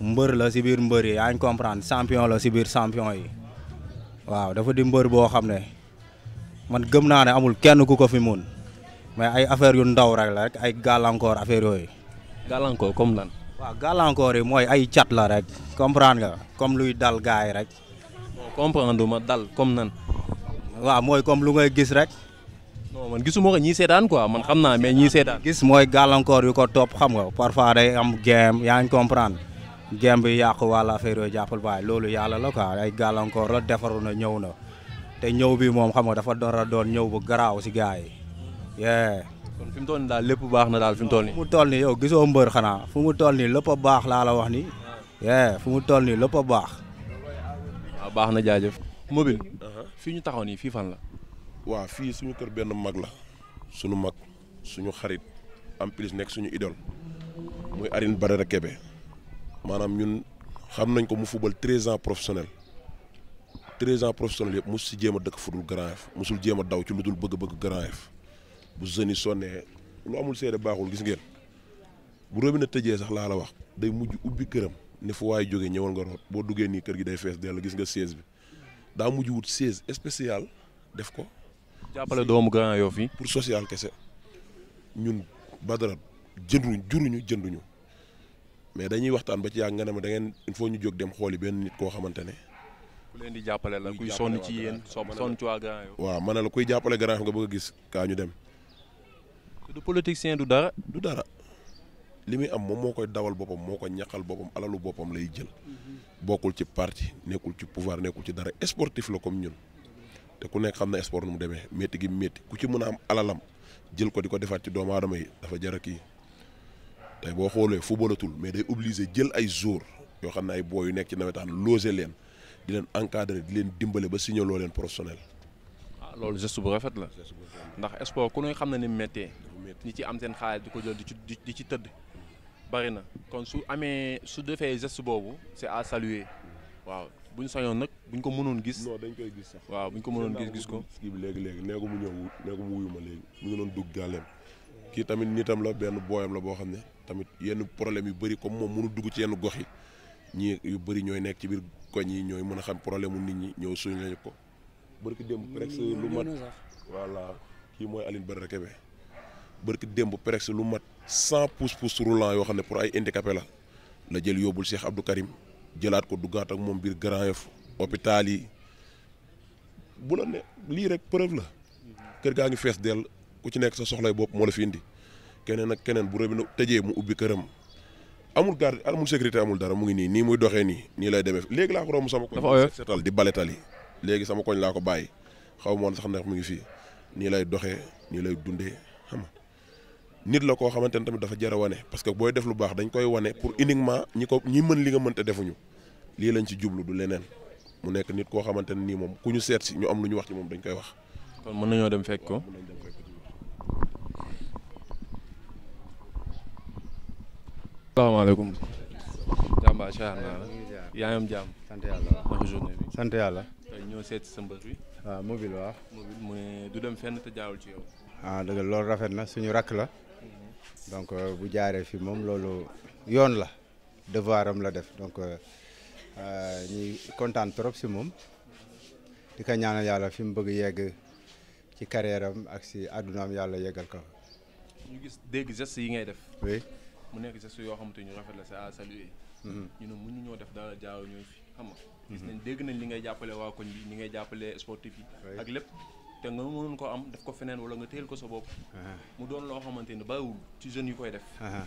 mbër la si biir mbër yi yaa ngi comprendre la si biir champion yi waaw dafa di mbër boo xam ne. man gëm naa ne amul kenn ku ko fi mun mais ay affaire yu ndaw rek la ay gàllankoor affaire yooyu. gàllankoor comme lan. waaw gàllankoor yi mooy ay cat la rek comprend nga comme luy dal gars rek. bon comprendre ma dal comme nan. waaw mooy comme lu ngay gis rek. non man gisuma ko ñii seetaan quoi man xam naa mais ñii seetaan. gis mooy gàllankoor yu ko topp xam nga parfois day am game yaa ngi comprendre game bi yàqu walla affaire yooyu jàppal baay loolu yàlla la quoi ay gàllankoor la defaru na ñëw na. te ñëw bi moom xam nga dafa dora doon ñëw bu garaaw si gars yi. kon fi mu toll nii daal lépp baax na daal fi mu toll nii. mu toll nii yow gisoo mbër xanaa fu mu toll nii lépp a baax laa la wax ni fu mu toll nii lépp a baax. baax na jaajëf. mobile. Uh-huh. fii ñu taxaw nii fii fan la. waaw fii suñu kër benn mag la suñu mag suñu xarit en plus nekk suñu idole muy Alioune Badara Kébé maanaam ñun xam nañ ko mu football treize ans professionnel. treize ans professionnel yëpp mosu si jéem a dëkk fudul Grand Yoff mosul jéem a daw ci lu dul bëgg-bëgg Grand Yoff bu jeunes yi sonnee lu amul seede baaxul gis ngeen bu robinet tëjee sax laa la wax day mujj ubbi këram ne fu waay jógee ñëwal nga root boo duggee nii kër gi day fees dell gis nga siège bi daa mujj wut siège spécial def ko. jàppale doomu Grand Yoff yi. pour social kese ñun Badara jënduñu juruñu jënduñu mais dañuy waxtaan ba ci yàgg nga ne ma da ngeen il faut ñu jóg dem benn nit koo xamante ne. ku leen di jàppale la kuy sonn ci yéen sonn ci waa grand yow waaw ma ne la kuy jàppale grand yow nga bëgg a gis kaa ñu dem du politicien du dara du dara li muy am moom moo koy dawal boppam moo ko ñaqal boppam alalu boppam lay jël mm-hmm. bokkul ci parti nekkul ci pouvoir nekkul ci dara sportif la comme ñun te ku nekk xam na sport nu mu demee métti gi métti ku ci mën a am alalam jël ko di ko defaat ci doomu aadama yi dafa jara kii tey boo xoolee footballatul mais day obligé jël ay jour yoo xam ne ay boo yu nekk ci nawetaan loger leen di leen encadrer di leen dimbale ba signaloo leen professionnel. ah loolu geste bu rafet la. ndax sport ku ne xam ne ni méttee. ñi ci am seen xaalis di ko jël di ci di ci tëdd. bari na kon su amee su defee geste boobu c'est à saluer waaw bu ñu sañoon nag buñ ko mënoon gis. non dañ koy gis waaw buñ ko mënoon gis gis ko. kii bi léegi léegi nee ko mu ñëw nee ko ma léegi mu ngi doon dugg gàlleem kii tamit nitam la benn booyam la boo xam ne tamit yenn problème yu bëri comme moom mënu dugg ci yenn gox yi ñii yu bëri ñooy nekk ci biir koñ yi ñooy mën a xam problème mu nit ñi ñëw suñu lañu ko. bërki démb presque lu mat voilà kii mooy Aline Badara Kébé bërki démb presque lu mat sant pousse-pousse roulant yoo xam ne pour ay indi handicapé la la jël yóbbul Cheikh Abdou Karim jëlaat ko duggaat ak moom biir Grand Yoff hôpital yi bu la ne lii rek preuve la kër gaa ngi fees dell ku ci nekk sa soxlay bopp moo la fi indi keneen ak keneen bu robinet tëjee mu ubbi këram amul garde amul sécurité amul dara mu ngi nii nii muy doxee nii nii lay demee léegi laa ko romb sama koñ setal di baletal yi léegi sama koñ laa ko bàyyi xaw moon sax ndax mu ngi fii nii lay doxee nii lay dundee xam nit la koo xamante ne tamit dafa jar wane parce que booy def lu baax dañ koy wane pour uniquement ñi ko ñi mën li nga mën te defuñu lii lañ ci jublu du leneen mu nekk nit koo xamante ne nii moom ku ñu seet si ñu am lu ñu wax ci moom dañ koy wax kon mën nañoo dem fekk ko salaamaaleykum. jàmbaar si waat naa la. yaa ngi jàmm. sant yàlla sant yàlla. ñoo seet sa mbër bi. waaw ah, mobile waaw. mobile mu ne du dem fenn te jaawul ci yow. ah dëgg loolu rafet na suñu rakk la. Mhm. donc euh, bu jaaree fi moom loolu yoon la. devoir am la def donc euh, euh, ñuy kontaan trop si moom. di ko ñaanal yàlla fi mu bëgg yegg ci carrière ak si àddunaam yàlla yeggal ko. ñu gis dégg gestes yi ngay def. mu nekk sa su yoo xamante ñu rafet la sa à saluer mm-hmm. ñu ne mënu ñoo def dara jaaru ñooy fi xam nga mm-hmm. nañ dégg nañ li ngay jàppale waa koñ bi ñi ngay jàppale sportif yi ak lépp te nga mënoon ko am def ko feneen wala nga téyel ko sa bopp uh-huh. mu doon loo xamante ni bàyyiwul ci jeunes yi koy def uh-huh.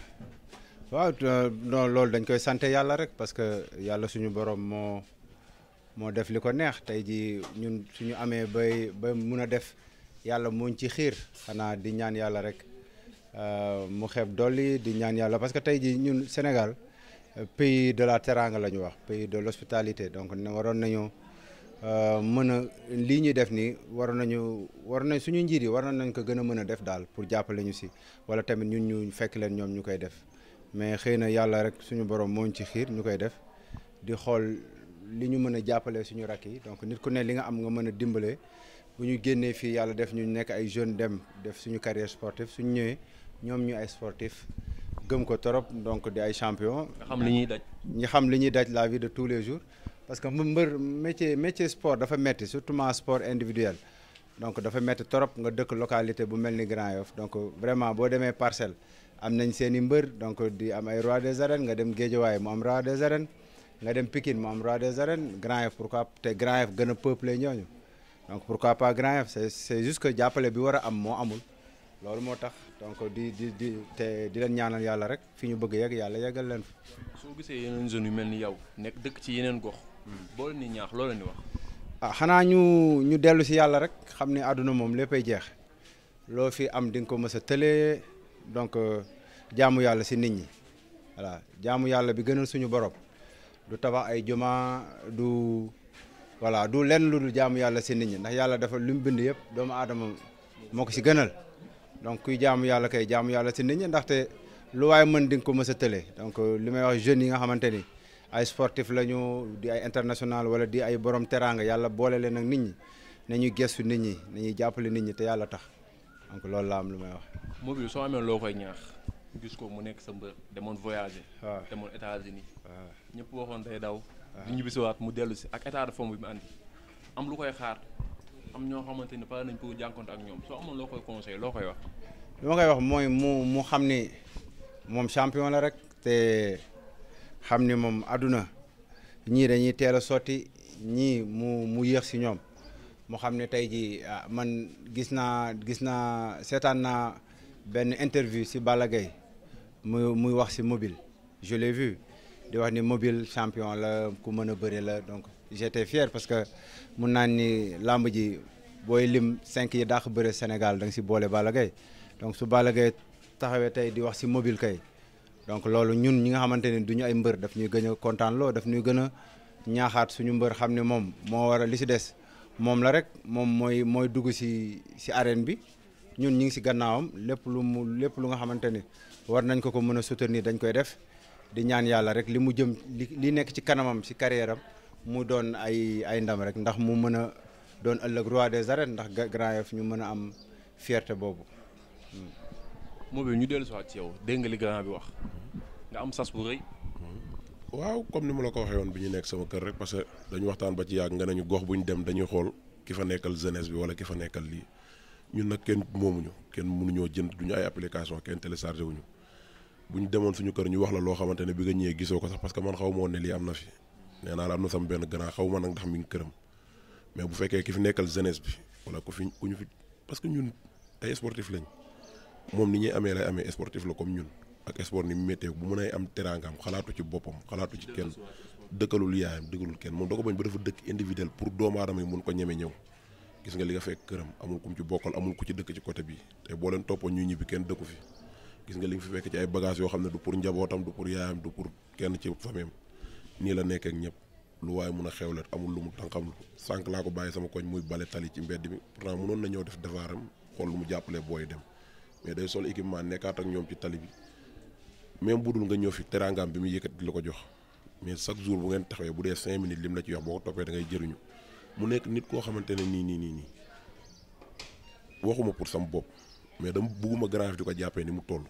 waaw euh, loolu dañ koy sante yàlla rek parce que yàlla suñu boroom moo moo def li ko neex tey ji ñun suñu amee bay ba mun a def yàlla mooñ ci xiir xanaa di ñaan yàlla rek Euh, mu xeeb dolli di ñaan yàlla parce que tey jii ñun Sénégal euh, pays de la teranga la ñu wax pays de l'hospitalité donc waroon nañu euh, mën a lii ñuy def nii waroon nañu war nañ suñu njiit yi waroon nañ ko gën a mën a def daal pour jàppale ñu si wala tamit ñun ñu fekk leen ñoom ñu koy def mais xëy na yàlla rek suñu borom mooñ ci xiir ñu koy def di xool li ñu mën a jàppalee suñu rakk yi donc nit ku ne li nga am nga mën a dimbalee bu ñu génnee fii yàlla def ñu nekk ay jeunes dem def suñu carrière sportive suñu ñëwee ñoom ñu ay sportif gëm ko trop donc di ay champion nga xam li ñuy daj ñi xam li ñuy daj la vie de tous les jours parce que mbër métier métier sport dafa metti surtout ma sport individuel donc dafa metti trop nga dëkk localité bu mel ni Grand Yoff donc vraiment boo demee parcelle am nañ seen i mbër donc di am ay roi des arènes nga dem Géejawaay mu am roi des arènes nga dem Pikine mu am roi des arènes Grand Yoff pourquoi te Grand Yoff gën a peuplé ñooñu donc pourquoi pas que jàppale bi war a am moo amul loolu moo tax donc di di di di leen ñaanal yàlla rek fi ñu bëgg yegg yàlla yeggal leen fa. soo gisee yeneen zones yu mel ni yow nekk dëkk ci yeneen gox. Hmm. boo leen ñaax loo leen di wax. ah xanaa ñu ñu dellu si yàlla rek xam ne àdduna moom léppay jeex loo fi am di nga ko mës a tëlee donc euh, jaamu yàlla si nit ñi voilà jaamu yàlla bi gënal suñu borom du tabax ay juma du du lenn lu dul jaamu yàlla si nit ñi ndax yàlla dafa lu mu bind yëpp doomu aadama moo ko si gënal. donc kuy jaamu yàlla kay jaamu yàlla si nit ñi ndaxte lu waaye mën di nga ko mës a tële donc lu may wax jeune yi nga xamante ni ay sportif lañu di ay international wala di ay borom teraanga yàlla boole leen ak nit ñi ne nañuy gëstu nit ñi ñuy jàppale nit ñi te yàlla tax donc loolu la am lu may wax. mobile soo amee loo koy ñaax. gis ko mu nekk sa mbër demoon voyager. te demoon États-Unis waaw ñëpp waxoon day daw. waaw di ñibbisiwaat mu dellu si ak état de forme bi mu am ñoo xamante ni pare nañ pour jànkonte ak ñoom soo amoon loo koy conseil loo koy wax. loo koy wax mooy mu mu xam ni moom champion la rek te xam ni moom àdduna ñii dañuy teel a sotti ñii mu mu yéex si ñoom mu xam ne tey jii ah, man gis naa gis naa seetaan naa benn interview si Balla Gaye muy muy wax si mobile je l'ai vu di wax ni mobile champion la ku mën a bëre la donc. j'étais fier parce que mun naa ni làmb ji booy lim cinq yi dàq bëre Sénégal da nga si boole Balla Gaye donc su Balla Gaye taxawee tey di wax si mobile kay donc loolu ñun ñi nga xamante ne du ay mbër daf ñuy gën a kontaan loo daf ñuy gën a ñaaxaat suñu mbër xam ne moom moo war a li si des moom la rek moom mooy mooy dugg si si arène bi ñun ñu ngi si gannaawam lépp lu mu lépp lu nga xamante ni war nañ ko ko mën a soutenir dañ koy def di ñaan yàlla rek li mu jëm li li nekk ci kanamam si carrière mu doon ay ay ndam rek ndax mu mën a doon ëllëg roi des arènes ndax Grand fu ñu mën a am fierté boobu. Hmm. moo bi ñu dellu si waat ci yow dégg nga li grand bi wax nga am sas bu rëy. Hmm. waaw comme ni ma la ko waxee woon bi ñu nekk sama kër rek parce que dañu waxtaan ba ci yàgg nga nañu gox bu ñu dem dañuy xool ki fa nekkal jeunesse bi wala ki fa nekkal lii ñun nag kenn moomuñu kenn mënuñoo jënd duñu ay application kenn téléchargé wuñu bu ñu demoon suñu kër ñu wax la xamante ne bi nga ñëwee gisoo ko sax parce que man am na nee naa la am na sama benn grand xaw ma nag ndax mi ngi këram mais bu fekkee ki fi nekkal jeunesse bi wala ku fi ku ñu fi parce que ñun ay sportif lañ moom ni ñuy amee lay amee sportif la comme ñun ak sport ni mu méttee bu mën ay am teraangaam xalaatu ci boppam xalaatu ci kenn dëkkalul yaayam dëkkalul kenn moom da ko bañ ba dafa dëkk individuel pour doomu aadama yi mun ko ñeme ñëw gis nga li nga fekk këram amul ku mu ci bokkal amul ku ci dëkk ci côté bi te boo leen toppoon ñuy ñibbi kenn dëkku fi gis nga li nga fi fekk ci ay bagages yoo xam ne du pour njabootam du pour yaayam du pour kenn ci famille nii la nekk ak ñëpp lu waaye mun a xewlet amul lu mu tànqamlu sànq laa ko bàyyi sama koñ muy bale tali ci mbedd mi pourtant mënoon na ñëw def defaaram xool lu mu jàppale booy dem mais day sol équipement nekkaat ak ñoom ci tali bi même bu nga ñëw fi teraangaam bi mu yëkkati la ko jox mais chaque jour bu ngeen taxawee bu dee cinq minutes lim la ci wax boo ko toppee da ngay jëriñu mu nekk nit koo xamante ne nii nii nii nii waxuma pour sama bopp mais dama bugguma grave di ko jàppee ni mu toll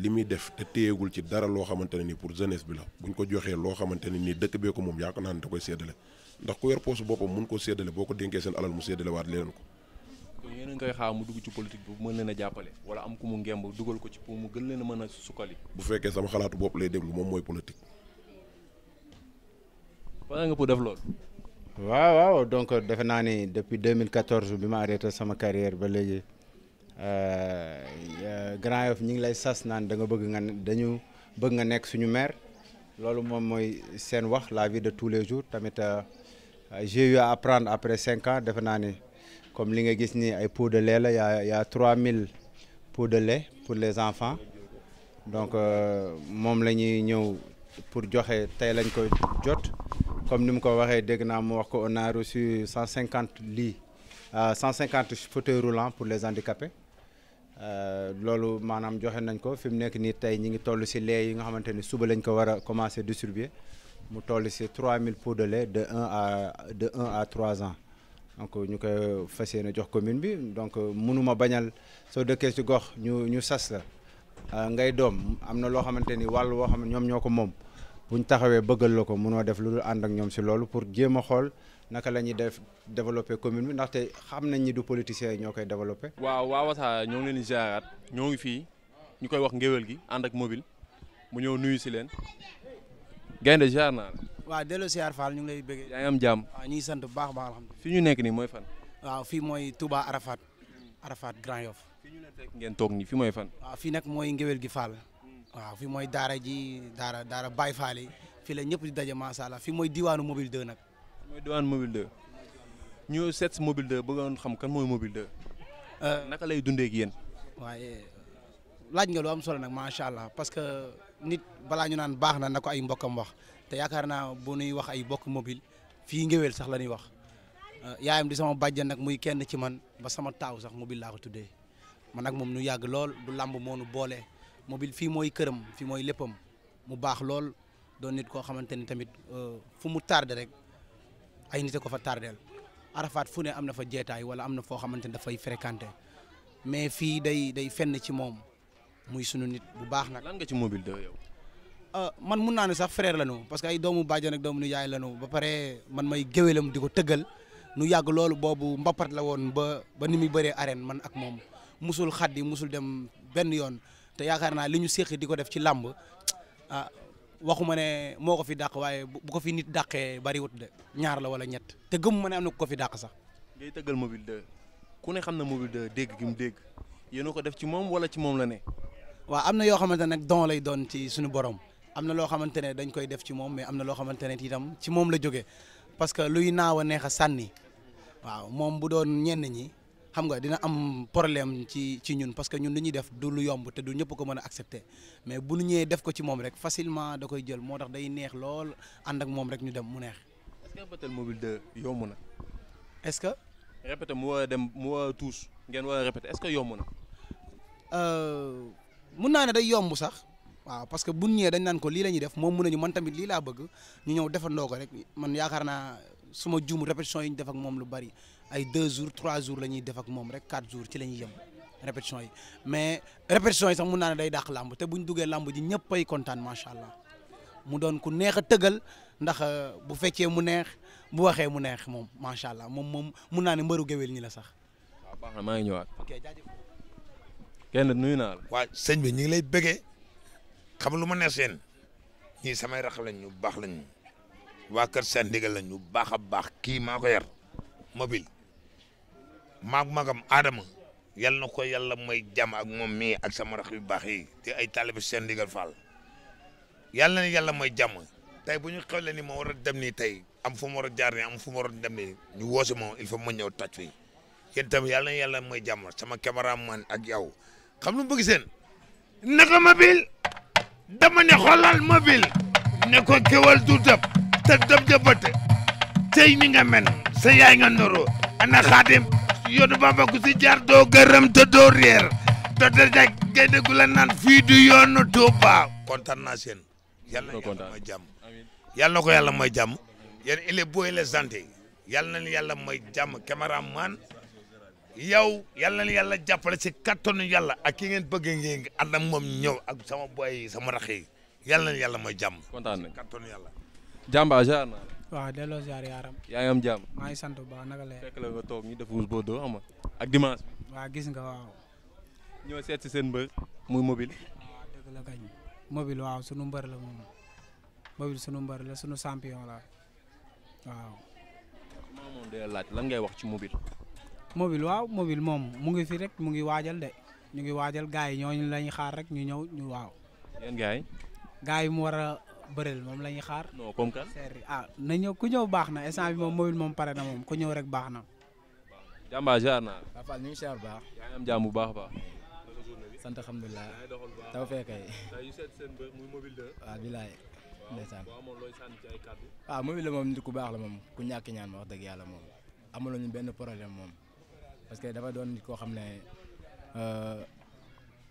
li muy def te téyegul ci dara loo xamante ne ni pour jeunesse bi la buñ ko joxee loo xamante ne nii dëkk bee ko moom yaakaar naa ne da koy séddale ndax ku yor poosu boppam mun ko séddale boo ko dénkee seen alal mu séddale waat leneen ko. kon yéen a ngi koy xaar mu dugg a jàppale wala am ku mu ngemb dugal ko ci pour a mën a bu fekkee sama xalaatu bopp lay déglu moom mooy politique. pare nga pour def loolu. waaw waaw donc defe naa ni depuis 2014 bi ma arrêté sama carrière ba léegi. Euh, euh, Grand Yoff ñi ngi lay sas naan da nga bëgg nga dañu bëgg nga nekk suñu maire loolu moom mooy seen wax la vie de tous les jours tamit euh, j'ai eu à apprendre après cinq ans defe naa ni comme li nga gis ni ay pots de lait la y a y a 3000 de lait pour les enfants donc moom la ñuy ñëw pour joxe tey lañ koy jot comme ni mu ko waxee dégg naa mu wax ko on a reçu 150 lits 150 fauteuils roulants pour les handicapés Euh, loolu maanaam joxe nañ ko fi mu nekk nii tey ñi ngi toll si lait yi nga xamante ni suba lañ ko war a commencé distribuer mu toll si 3000 mille de de 1 à de 1 à 3 ans donc ñu koy fas yéene jox commune bi donc mënuma bañal soo dëkkee si gox ñu ñu sas la euh, ngay doom am na loo xamante ni wàll woo xam ne ñoom ñoo ko moom bu ñu taxawee bëggal la ko munoo def lu dul ànd ak ñoom si loolu pour jéem a xool. naka la ñuy def développé commune bi ndaxte xam nañ ni du politiciens yi ñoo koy développé. waaw waa Wassare ñoo ngi leen di ziaraat ñoo ngi fii ñu koy wax ngéwél gi ànd ak mobile mu ñëw nuyu si leen. gaynde ziar naa waa waaw delloo ziar ñu ngi lay bëggee. yaa ngi am ñu ngi sant bu baax a baax alhamdulilah. fi ñu nekk nii mooy fan. waaw fii mooy Touba Arafat Arafat Grand Yoff. fi ñu nekk ngeen toog nii fi mooy fan. waaw fii nag mooy ngéwél gi Fall. waaw fii mooy Daara ji Daara Daara Baye Fall yi fii la ñëpp di daje macha fii mooy diwaanu mobile 2 nag mooy Douane Mobile 2 ñu seet Mobile 2 bëggoon xam kan mooy Mobile 2. Euh, naka lay dundee ak waaye euh, laaj nga lu am solo nag macha allah parce que nit balaa ñu naan baax na na ko ay mbokkam wax te yaakaar naa bu nuy wax ay bokk mobile fii ngéwél sax la ñuy wax euh, yaayam di sama bàjjan nag muy kenn ci man ba sama taaw sax mobile laa ko tuddee ma nag moom nu yàgg lool du làmb moo nu boole mobile fii mooy këram fii mooy léppam mu baax lool doon nit koo xamante ni tamit fu mu tardé rek. ay nit a ko fa tardeel arafaat fu ne am na fa jeetaay wala am na foo xamante ne dafay fréquenté mais fii day day fenn ci moom muy sunu nit bu baax nag. lan nga ci mobile de yow. Ah, man mun naa ne sax frère la ñu parce que ay doomu bàjjan ak doomu yaay la ñu ba pare man may géwélam di ko tëggal nu yàgg loolu boobu mbappat la woon ba ba ni muy bëree arène man ak moom musul xaddi musul dem benn yoon te yaakaar naa li ñu séq di ko def ci làmb ah, waxuma ne moo ko fi dàq waaye bu ko fi nit dàqee bariwut de ñaar la wala ñett te gëm ma ne am na ku ko fi dàq sax. ngay tëggal mobile 2 ku ne xam na mobile 2 dégg gi mu dégg yéen ko def ci moom wala ci moom la ne. waa am na yoo xamante ne don lay doon ci suñu borom am na loo xamante ne dañ koy def ci moom mais am na loo xamante ne itam ci moom la jóge parce que luy naaw a neex a sànni waaw moom bu doon ñenn ñi xam nga dina am problème ci ci ñun parce que ñun lu ñuy def du lu yomb te du ñëpp ko mën a accepter mais bu ñu ñëwee def ko ci moom rek facilement da koy jël moo tax day neex lool ànd ak moom rek ñu dem mu neex. est-ce que Batel Mobile na. est-ce que. répété mu dem mu war ngeen war a répété est-ce que yomb na. Euh, mun naa ne day yomb sax. waaw parce que bu ñëwee dañ naan ko lii la def moom mën nañu man lii laa bëgg ñu ñëw defandoo ko rek man yaakaar naa suma juum répétition yi ñu def ak moom lu bari ay deux jours trois jours la ñuy def ak moom rek quatre jours ci la ñuy yem répétition yi mais répétition yi sax mun naa ne day dàq làmb te bu ñu duggee lamb ji ñëpp ay kontaan macha allah mu doon ku neex a tëggal ndax euh, bu feccee mu neex bu waxee mu neex moom macha allah moom moom mun naa ne mbaru géwél ñi la sax. waaw na maa ngi ñëwaat. ok jaajëf. kenn nuyu naa la. waa sëñ bi ñu ngi lay bëggee xam lu ma neex seen ñii samay rax lañ ñu baax lañ waa kër seen ndigal lañ ñu baax a baax kii maa ko yar maag magam Adama yal na ko yàlla may jàmm ak moom mi ak sama rax yu baax yi te ay taalibe seen ndigal Fall yal na yàlla may jàmm tey bu ñu xewle ni ma war a dem nii tey am fu mu war a jaar nii am fu mu war a dem nii ñu woose il faut ma ñëw toj fii yéen tamit yal na yàlla may jàmm sama cameraman ak yow xam lu mu bëgg seen naka mobile dama ne ko kewal du dëb te dëb ja bëtt tey ni nga men sa yaay nga ndoro ana xaadim yoonu Bamba ku si jaar doo gërëm te doo réer te te teg gaynde gu la naan fii du yoonu Touba kontaan naa seen yàlla na yàlla jàmm yàlla ko yàlla mooy jàmm yen il boo beau il yal santé yàlla na yàlla mooy jàmm cameraman yow yàlla na yàlla jàppale si kattanu yàlla ak ki ngeen bëgg ngeen ànd ak moom ñëw ak sama boy sama rax yi yàlla na yàlla mooy jàmm. kontaan nañ kattanu yàlla. waaw delloo ziar yaaram. yaa ngi am jàmm. maa ngi sant bu baax naka la. fekk la nga toog ñu def Rouge Bordeaux xam ak dimanche bi. waaw gis nga waaw. ñoo seet si seen mbër. muy mobile. waaw ah, dëgg la kañ. mobile la moom mobile sunu mbër la champion la waaw. maa moom lan ngay wax ci mobile. mobile waaw moom mu ngi fi rek mu ngi waajal de ñu ngi waajal gars yi ñooñu lañuy xaar rek ñu ñëw ñu waaw. yéen mu war bëreel moom la ñuy xaar. non comme kan. ah na ñëw ku ñëw baax na instant bi moom mobile moom pare na moom ku ñëw rek baax na. jàmbaar jaar naa. waaw Fall baax. am jàmm bu baax a baax. sant alhamdulilah. taw fekkay. waaw bilaay. ndeysaan waaw mobile la moom nit ku baax la moom ku ñàkk ñaan ma dëgg yàlla moom amuloo ñu benn problème moom parce que dafa doon nit koo xam ne euh,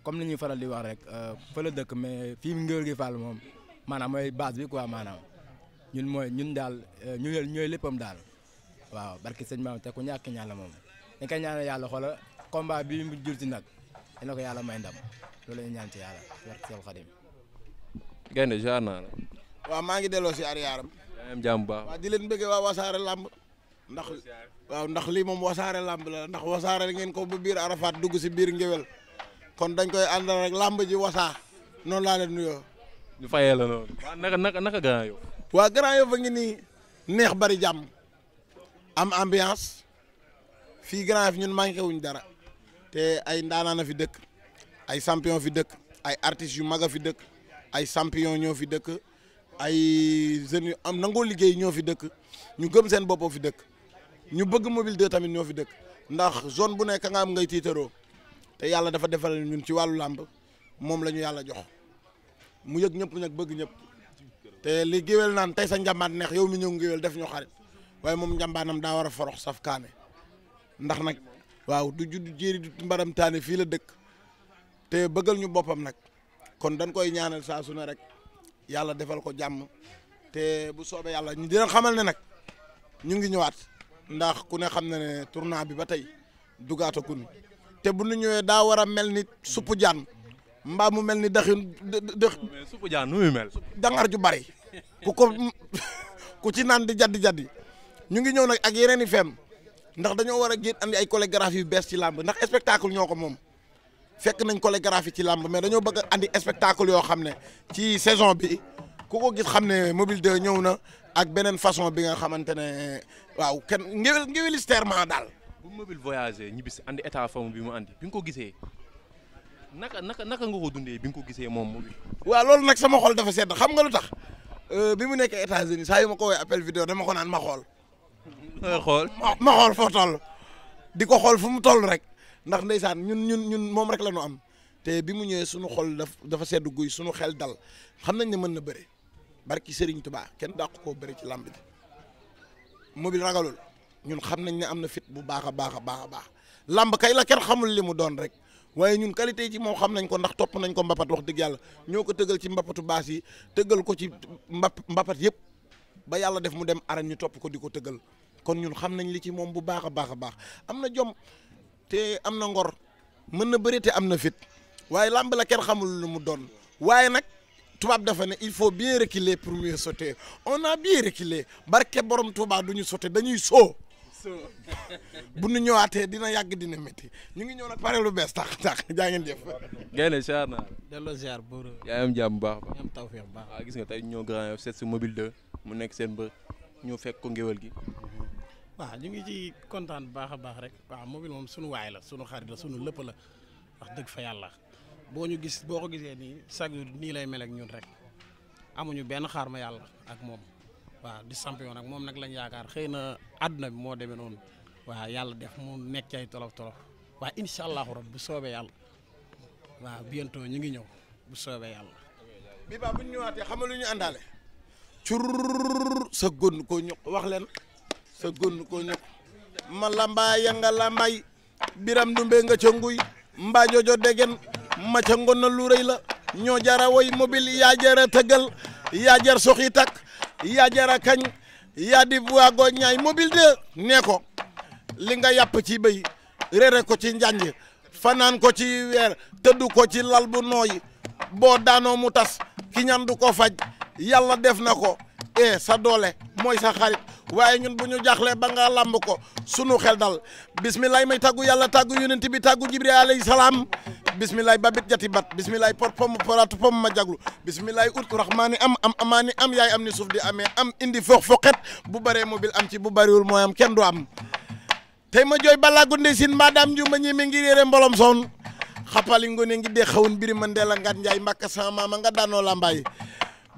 comme ni faral di wax rek euh, fa la dëkk mais fii Ngéwél gi Fall moom. maanaam mooy base bi quoi maanaam ñun mooy ñun daal euh, ñu ñooy léppam daal waaw barki sëñ maam te ku ñàkk ñaan la moom dañ koy ñaanal yàlla xoola combat bi mu jur ci nag dina ko yàlla may ndam loolu la ñu ñaan ci yàlla barki Seex Xaadim gaynde jaar naa la waaw maa ngi delloo si mo yaaram am jàmm baax waaw di leen bëggee waa wasaare làmb ndax waaw ndax lii moom wasaare làmb la ndax wasaare ngeen ko biir Arafat dugg biir ngéwél kon dañ koy àndal rek ji wasaa noonu laa ñu fayee la noonu. waaw naka naka naka Grand waa Grand Yoff a ngi nii neex bari jàmm am ambiance fii Grand Yoff ñun manqué wuñ dara te ay ndaanaan a fi dëkk ay champion fi dëkk ay artistes yu mag a fi dëkk ay champion ñoo fi dëkk ay jeunes yu am nangoo liggéey ñoo fi dëkk ñu gëm seen boppoo fi dëkk ñu bëgg mobile 2 tamit ñoo fi dëkk ndax zone bu nekk nga am ngay tiitaroo te yàlla dafa defal ñun ci wàllu làmb moom la ñu yàlla jox. mu yëg ñëpp nag bëgg ñëpp te li géwél naan tey sa njàmbaat neex yow mi ñëw géwél def ñu xarit waaye moom njàmbaanam daa war a forox saf kaane ndax nag waaw du judd jéeri du mbaram taane fii la dëkk te bëggal ñu boppam nag kon dañ koy ñaanal saa su ne rek yàlla defal ko jàmm te bu soobee yàlla ñu dina xamal ne nag ñu ngi ñëwaat ndax ku ne xam na ne tournant bi ba tey dugaatagun te bu ñu ñëwee daa war a mel ni suppu jaan mbaa mu mel ni daxin dë suppu jaan nu muy mel dangar ju bari ku ko ku ci naan di jaddi jaddi ñu ngi ñëw nag ak yeneen i fem ndax dañoo war a génn andi ay chorégraphe yu bees ci làmb ndax spectacle ñoo ko moom fekk nañ grafi ci làmb mais dañoo bëgg andi spectacle yoo xam ne ci saison bi ku ko gis xam ne mobile 2 ñëw na ak beneen façon bi nga xamante ne waaw kenn ngéwél ngéwélistèrement daal. bu mobile voyagé ñibbi si andi état forme bi mu andi bi nga ko gisee naka naka naka nga ko dundee bi nga ko gisee moom mu. waaw loolu nag sama xol dafa sedd xam nga lu tax euh, bi mu nekkee États-Unis saa yu ma ko woowee appel vidéo dama ko naan ma xool. ma xool ma xool foo toll. di ko xool fu mu toll rek ndax ndeysaan ñun ñun ñun moom rek la ñu am te bi mu ñëwee suñu xol daf dafa sedd guy suñu xel dal xam nañ ne mën na bëre barki Serigne Touba kenn dàq koo bëre ci làmb ji mobile ragalul ñun xam nañ ne am na fit bu baax a baax a baax a baax làmb kay la kenn xamul li mu doon rek. waaye ñun qualité yi ci moom xam nañ ko ndax topp nañ ko mbapat wax dëgg yàlla ñoo ko tëggal ci mbapatu baas yi tëggal ko ci mbap mbapat yëpp ba yàlla def mu dem arène ñu topp ko di ko tëggal kon ñun xam nañ li ci moom bu baax a baax baax am na jom te am na ngor mën na bëri te am na fit waaye làmb la kenn xamul lu mu doon waaye nag tubaab dafa ne il faut bi bien reculer pour mieux sauter on a bien reculé barke borom Touba du ñu sotee dañuy soo bu nu ñëwaatee dina yàgg dina métti ñu ngi ñëw nag pare lu bees tax tax jaa ngeen jëf. gaynde ziar naa. delloo ziar bu rëy. bu baax baax. am tawfeex bu baax. waaw ah, gis nga tey ñoo grand yow seet si mobile 2 mu nekk seen bët ñu fekk ko ngéwél gi. waaw ñu ngi ci kontaan bu baax a baax rek waaw mobile moom sunu waay la sunu xarit la sunu lépp la wax dëgg fa yàlla boo ñu gis boo ko gisee nii chaque jour nii lay mel ak ñun rek amuñu benn xaar ma yàlla ak moom. waaw di champion nag moom nag lañ yaakaar xëy na àdduna bi moo demee noonu waaw yàlla def mu nekk ay tolof tolof waaw incha allahu rabbi bu soobee yàlla waaw bientôt ñu ngi ñëw bu soobee yàlla. bii ba bu ñu ñëwaatee xam nga lu ñu àndaale. cur sa góor koo ñëw wax leen sa góor koo ñëw. ma lambaa yanga lambay biram dumbe nga ca nguy mbaa jojo degen ma ca ngoon na lu rëy la ñoo jara woy mobile yaa jara tëggal yaa jar soxi takk yaa jara kañ yaa di waago ñaay mobile de nee ko li nga yàpp ci béy rere ko ci njanj fanaan ko ci weer tëdd ko ci lal bu nooy boo daanoo mu tas ki ñaan ko faj yàlla def na ko e sa doole mooy sa xarit waaye ñun bu ñu jaaxlee ba nga làmb ko sunu xel dal bisimilah may tàggu yàlla tàggu yonent bi tàggu jibril alayhi salaam bisimilah babit jati bat bisimilah por pom poratu pom ma jaglu bisimilah ut rahmaani am am amaani am yaay am ni suuf di amee am indi fox foqet bu bëree mobile am ci bu bëriwul mooy kenn du am tey ma jooy balaa gunde sin maadaam njuma ñi mi ngi réere mbolom soon xapali ngone ngi dee xawun biri ma ndeel a ngat njaay mbàkk nga daanoo làmbaay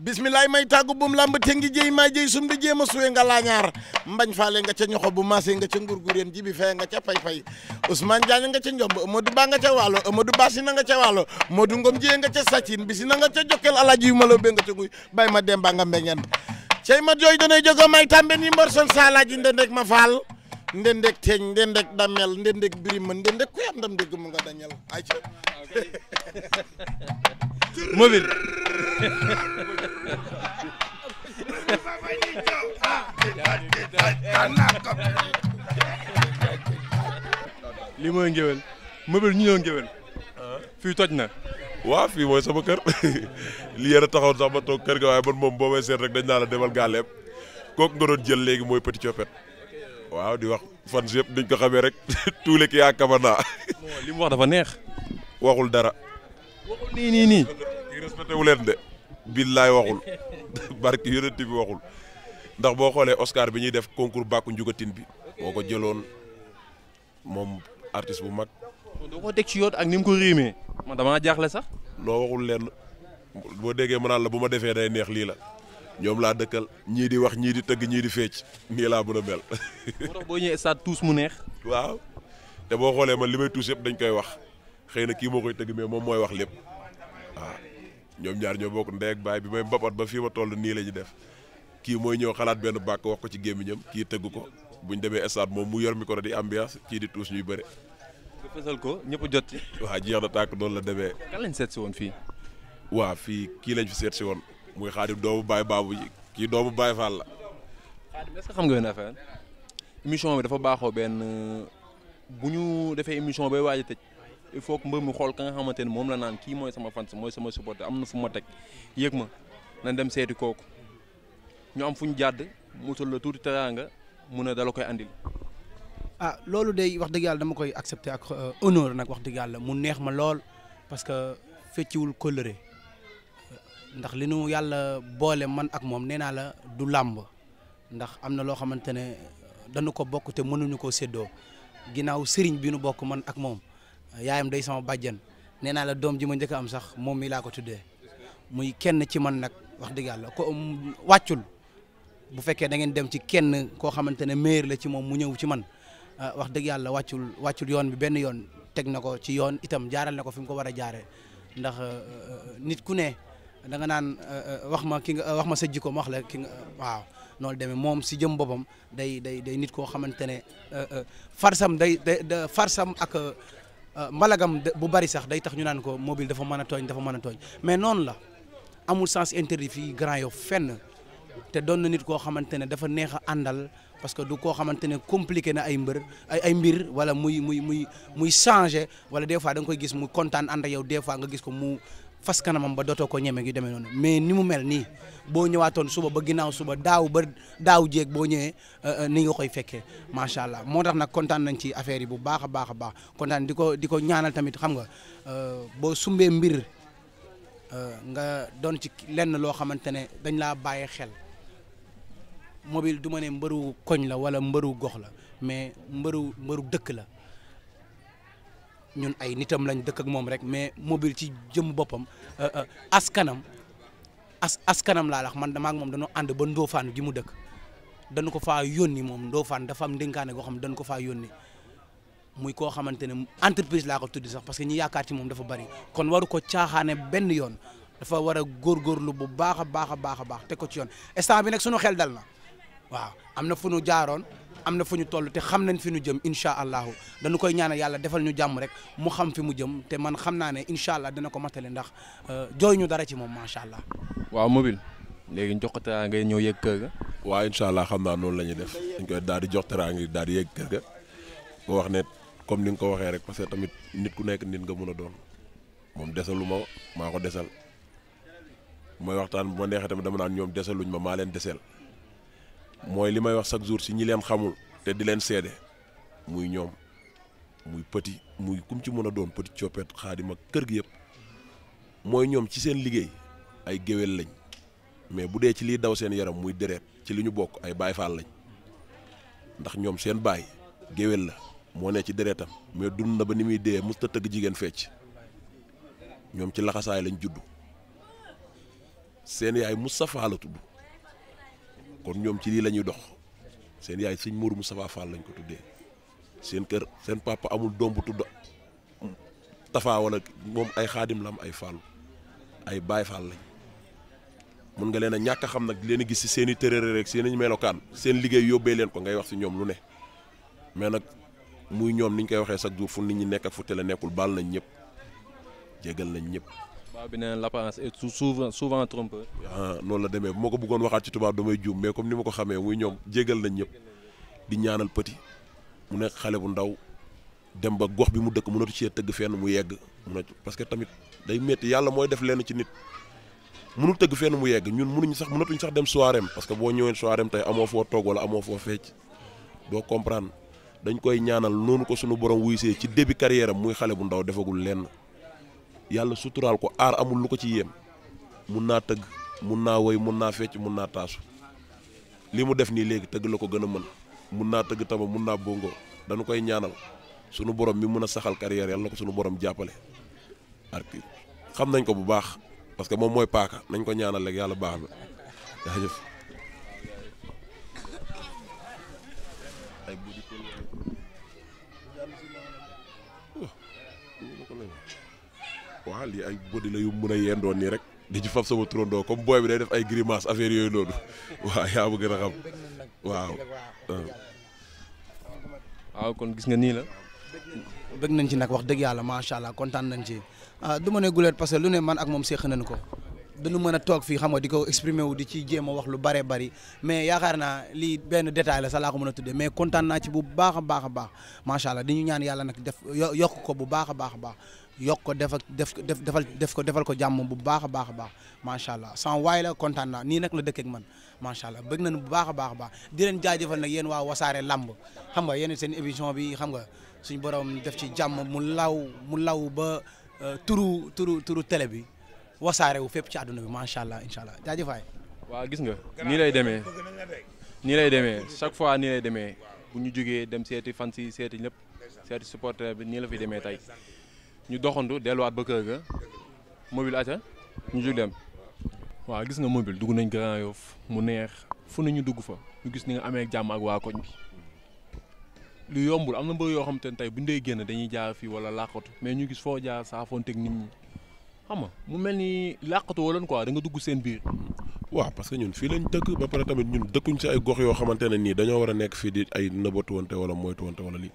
bismillaay may tàggu bum làmb te ngi jéy maa jéy sum di jéem a suwe nga laañaar mbañ faale nga ca ñoxo bu maasee nga ca ngurgureen jibi fee nga ca pay-pay Ousmane Diagne nga ca njomb Amadou Ba nga ca waalo Amadou Bassi na nga ca waalo Modou Ngom jiyee nga ca sacin bisi na nga ca jokkel alaaji yu ma la be nga ca nguy bay ma dem ba nga mbeñen cey ma jooy danay jogo may tàmbe ni mbor sol saalaaji ndendek ma faal ndendek teeñ ndendek damel ndendek birima ndendek ku yam ndam nga dañel ay ca lii mooy ngéwél mobile ñu ñoo ngéwél fii toj na waaw fii mooy sama kër li taxaw a taxawoon sax ma toog kër ga waaye man moom boo may seet rek dañ naa la demal gaaleeb kooku nga doon jël léegi mooy petit copet waaw di wax fan si yëpp duñ ko xamee rek tuule ki yaa kamana li mu wax dafa neex waxul dara waxul nii nii nii respecté wu leen de billaay waxul barki yonent bi waxul ndax boo xoolee Oscar bi ñuy def concours bàkku njugatin bi moo ko jëloon moom artiste bu mag. doo ko teg ci yoon ak ni mu ko riimee. man damaa jaaxle sax. loo waxul leen boo déggee ma naan la bu ma defee day neex lii la ñoom laa dëkkal ñii di wax ñii di tëgg ñii di fecc nii laa mën a mel. ñëwee stade tuus mu neex. waaw te boo xoolee man li may tuus yëpp dañ koy wax xëy na kii moo koy tëgg mais moom mooy wax lépp waaw ñoom ñaar ñoo bokk ndey baay bi may mbapat ba fii ma toll nii la ñu def. kii mooy ñëw xalaat benn bàkk wax ko ci gémmiñam kii tëgg ko buñ demee stade moom mu yor micro di ambiance kii di tuus ñuy bëre. nga fësal ko ñëpp jot ci. jeex na tàkk noonu la demee. kan woon fii. waa fii kii lañ fi seet si woon muy xaadim doomu Baye Babou ji kii doomu Baye Fall la. xaadim que xam nga benn affaire émission bi dafa baaxoo benn bu ñu defee émission bay waaj a tëj. il faut que mbër mi xool ka nga xamante ne moom la naan kii mooy sama fans mooy sama supporter am na fu ma teg yëg ma nañ dem seeti kooku ñu am fu ñu jàdd mutal la tuuti teraanga mu ne dala koy andil. ah loolu day wax dëgg yàlla dama koy accepter ak euh, honneur nag wax dëgg yàlla mu neex ma lool parce que fecciwul kóllëre ndax li nu yàlla boole man ak moom nee naa la du làmb ndax am na loo xamante ne dañu ko bokk te mënuñu koo séddoo ginnaaw sëriñ bi nu bokk man ak moom yaayam dey sama bàjjan nee naa la doom ji ma njëkk am sax moom mi laa ko tuddee muy kenn ci man nag wax dëgg yàlla ko um, wàccul bu fekkee da ngeen dem ci kenn koo xamante ne maire la ci moom mu ñëw ci man ah, wax dëgg yàlla wàccul wàccul yoon bi benn yoon teg na ko ci yoon itam jaaral na ko fi mu ko war a jaare ndax ah, ah, nit ku ne da nga naan wax ma ki nga wax ma sa jikko ma wax la ki nga waaw noonu demee moom si jëm boppam day day day nit koo xamante ne farsam day day farsam ak mbalagam bu bari sax day tax ñu naan ko mobile dafa mën a tooñ dafa mën a tooñ mais noonu la amul sens interdit fii Grand Yoff fenn. te doon na nit koo xamante ne dafa neex a àndal parce que du koo xamante ne compliqué na ay mbër ay ay mbir wala muy muy muy muy changé wala des fois da nga koy gis mu kontaan ànd ak yow des fois nga gis ko mu fas kanamam ba dootoo ko ñeme gi demee noonu mais ni mu mel nii boo ñëwaatoon suba ba ginnaaw suba daaw ba daaw jéeg boo ñëwee euh, euh, ni nga koy fekkee macha allah moo tax nag kontaan nañ ci affaire yi bu baax a baax a baax kontaan di ko di ko ñaanal tamit xam nga euh, boo sumbee mbir nga doon ci lenn loo xamante ne dañ laa bàyyi xel. mobile du ma ne mbëru koñ la wala mbaru gox la mais mbëru mbaru dëkk la ñun ay nitam lañ dëkk ak moom rek mais mobil ci jëm boppam euh, euh, askanam as askanam laa lax man damaa ak moom dañoo ànd ba Ndofane gi mu dëkk dañu ko faa yónni moom Ndofane dafa am ndénkaane goo xam ne dañu ko faa yónni muy koo xamante ne entreprise laa ko tudd sax parce que ñi yaakaar ci moom dafa bari kon waru ko caaxaane benn yoon dafa war a lu bu baax a baax a baax a baax teg ko ci yoon instant bi nag sunu xel dal na. waaw am na fu ñu jaaroon am na fu ñu toll te xam nañ fi ñu jëm incha allahu dañu koy ñaanal yàlla defal ñu jàmm rek mu xam fi mu jëm te man xam naa ne incha allah dina ko matale ndax euh, jooy ñu dara ci moom macha allah. waaw mobile léegi jox ko teraanga ngay ñëw yegg kër ga. waaw xam naa noonu la ñuy def dañ koy daal di jox teraanga daal di yegg kër wax ne comme ni nga ko waxee rek parce que tamit nit ku nekk nit nga mën a doon moom desalu ma maa ko desal mooy waxtaan bu ma neexee tamit dama naan ñoom desaluñ ma maa leen desel mooy li may wax chaque jour si ñi leen xamul te di leen seede muy ñoom muy petit muy kum ci mën a doon petit coppet xaadim ak kër gi yëpp mooy ñoom ci seen liggéey ay géwél lañ mais bu dee ci liy daw seen yaram muy deret ci li ñu bokk ay baay faal lañ ndax ñoom seen baay géwél la moo ne ci deretam mais dund na ba ni muy dee musta tëgg jigéen fecc ñoom ci laxasaay lañ judd seen yaay Moustapha la tudd kon ñoom ci lii la ñuy dox seen yaay sëñ Mourou Moustapha Fall lañ ko tuddee seen kër seen papa amul doom bu tudd Tafa wala moom ay xaadim la am ay Fall ay baay Fall lañ mun nga leen a ñàkk xam nag leen a gis si seen i tërëre seen i melokaan seen liggéey yóbbee leen ko ngay wax si ñoom lu ne mais nag muy ñoom niñ koy waxee chaque jour fu nit ñi nekk ak fu tele nekkul baal nañ ñëpp jégal nañ ñëpp. tubaab bi nee na l'apparence est souvent ah, noonu la demee moo ko bëggoon waxaat ci tubaab damay juum mais comme ni ma ko xamee muy ñoom jégal nañ ñëpp di ñaanal petit mu nekk xale bu ndaw dem ba gox bi mu dëkk mënatu ci tëgg fenn mu yegg mënatu parce que tamit day métti yàlla mooy def lenn ci nit mënul tëgg fenn mu yegg ñun mënuñ sax mënatuñ sax dem soiréem parce que boo ñëwee soiréem tey amoo foo toog wala amoo foo fecc doo comprendre dañ koy ñaanal noonu ko sunu borom wuysee ci début carrière am muy xale bu ndaw defagul lenn. yàlla suturaal ko aar amul lu ko ci yéem mun naa tëgg mun naa woy mun naa fecc mun naa taasu li mu def nii léegi tëgg la ko gën a mën mun naa tëgg tama mun naa bongo dañu koy ñaanal sunu borom mi mun a saxal carrière yàlla na ko sunu borom jàppale arki xam nañ ko bu baax parce que moom mooy paaka nañ ko ñaanal rek yàlla baax na jaajëf waa lii ay body la yu mën a yendoon nii rek di ci fab sama turandoo comme booy bi day def ay grimace affaire yooyu noonu waaw yaa ma gën a waaw. kon gis nga nii la. bëgg nañ ci nag wax dëgg yàlla macha allah kontaan nañ ci ah du ma ne guleet parce que lu ne man ak moom séq nañ ko. dañu mën a toog fii xam nga di ko exprimer wu di ci jéem a wax lu bare bari mais yaakaar naa lii benn détail la sax laa ko mën a tuddee mais kontaan naa ci bu baax a baax a baax macha allah di ñu ñaan yàlla nag def yokk ko bu baax baax a baax. yokk def ak def def defal def ko defal ko jàmm bu baax a baax a baax macha allah sans waay la kontaan nii nag la dëkk man macha allah bëgg nañu bu baax a baax a baax di leen jaajëfal nag yéen waa wasaare lamb xam nga yenn seen émission bi xam nga suñu borom def ci jàmm mu law mu law ba euh, turu turu turu télé bi wasaare wu fépp ci àdduna bi macha allah incha allah jaajëfaay. waaw gis nga nii lay demee nii lay demee chaque fois nii lay demee bu ñu jógee dem seeti fan si seeti ñëpp seeti supporter bi nii la fi demee tey. ñu doxandu delluwaat ba kër ga mobile aca ñu jóg dem waaw gis nga mobile dugg nañ Grand yof mu neex fu ne ñu dugg fa ñu gis ni nga amee jàmm ak waa koñ bi lu yombul am na mbër yoo xam te tey bu ñu dee génn dañuy jaar fii wala làqatu mais ñu gis foo jaar saafoonteeg nit ñi xam nga mu mel ni làqatu wala ko da nga dugg seen biir. waa parce que ñun fii lañ dëkk ba pare tamit ñun dëkkuñ si ay gox yoo xamante ne nii dañoo war a nekk fii di ay nëbatuwante wala moytuwante wala lii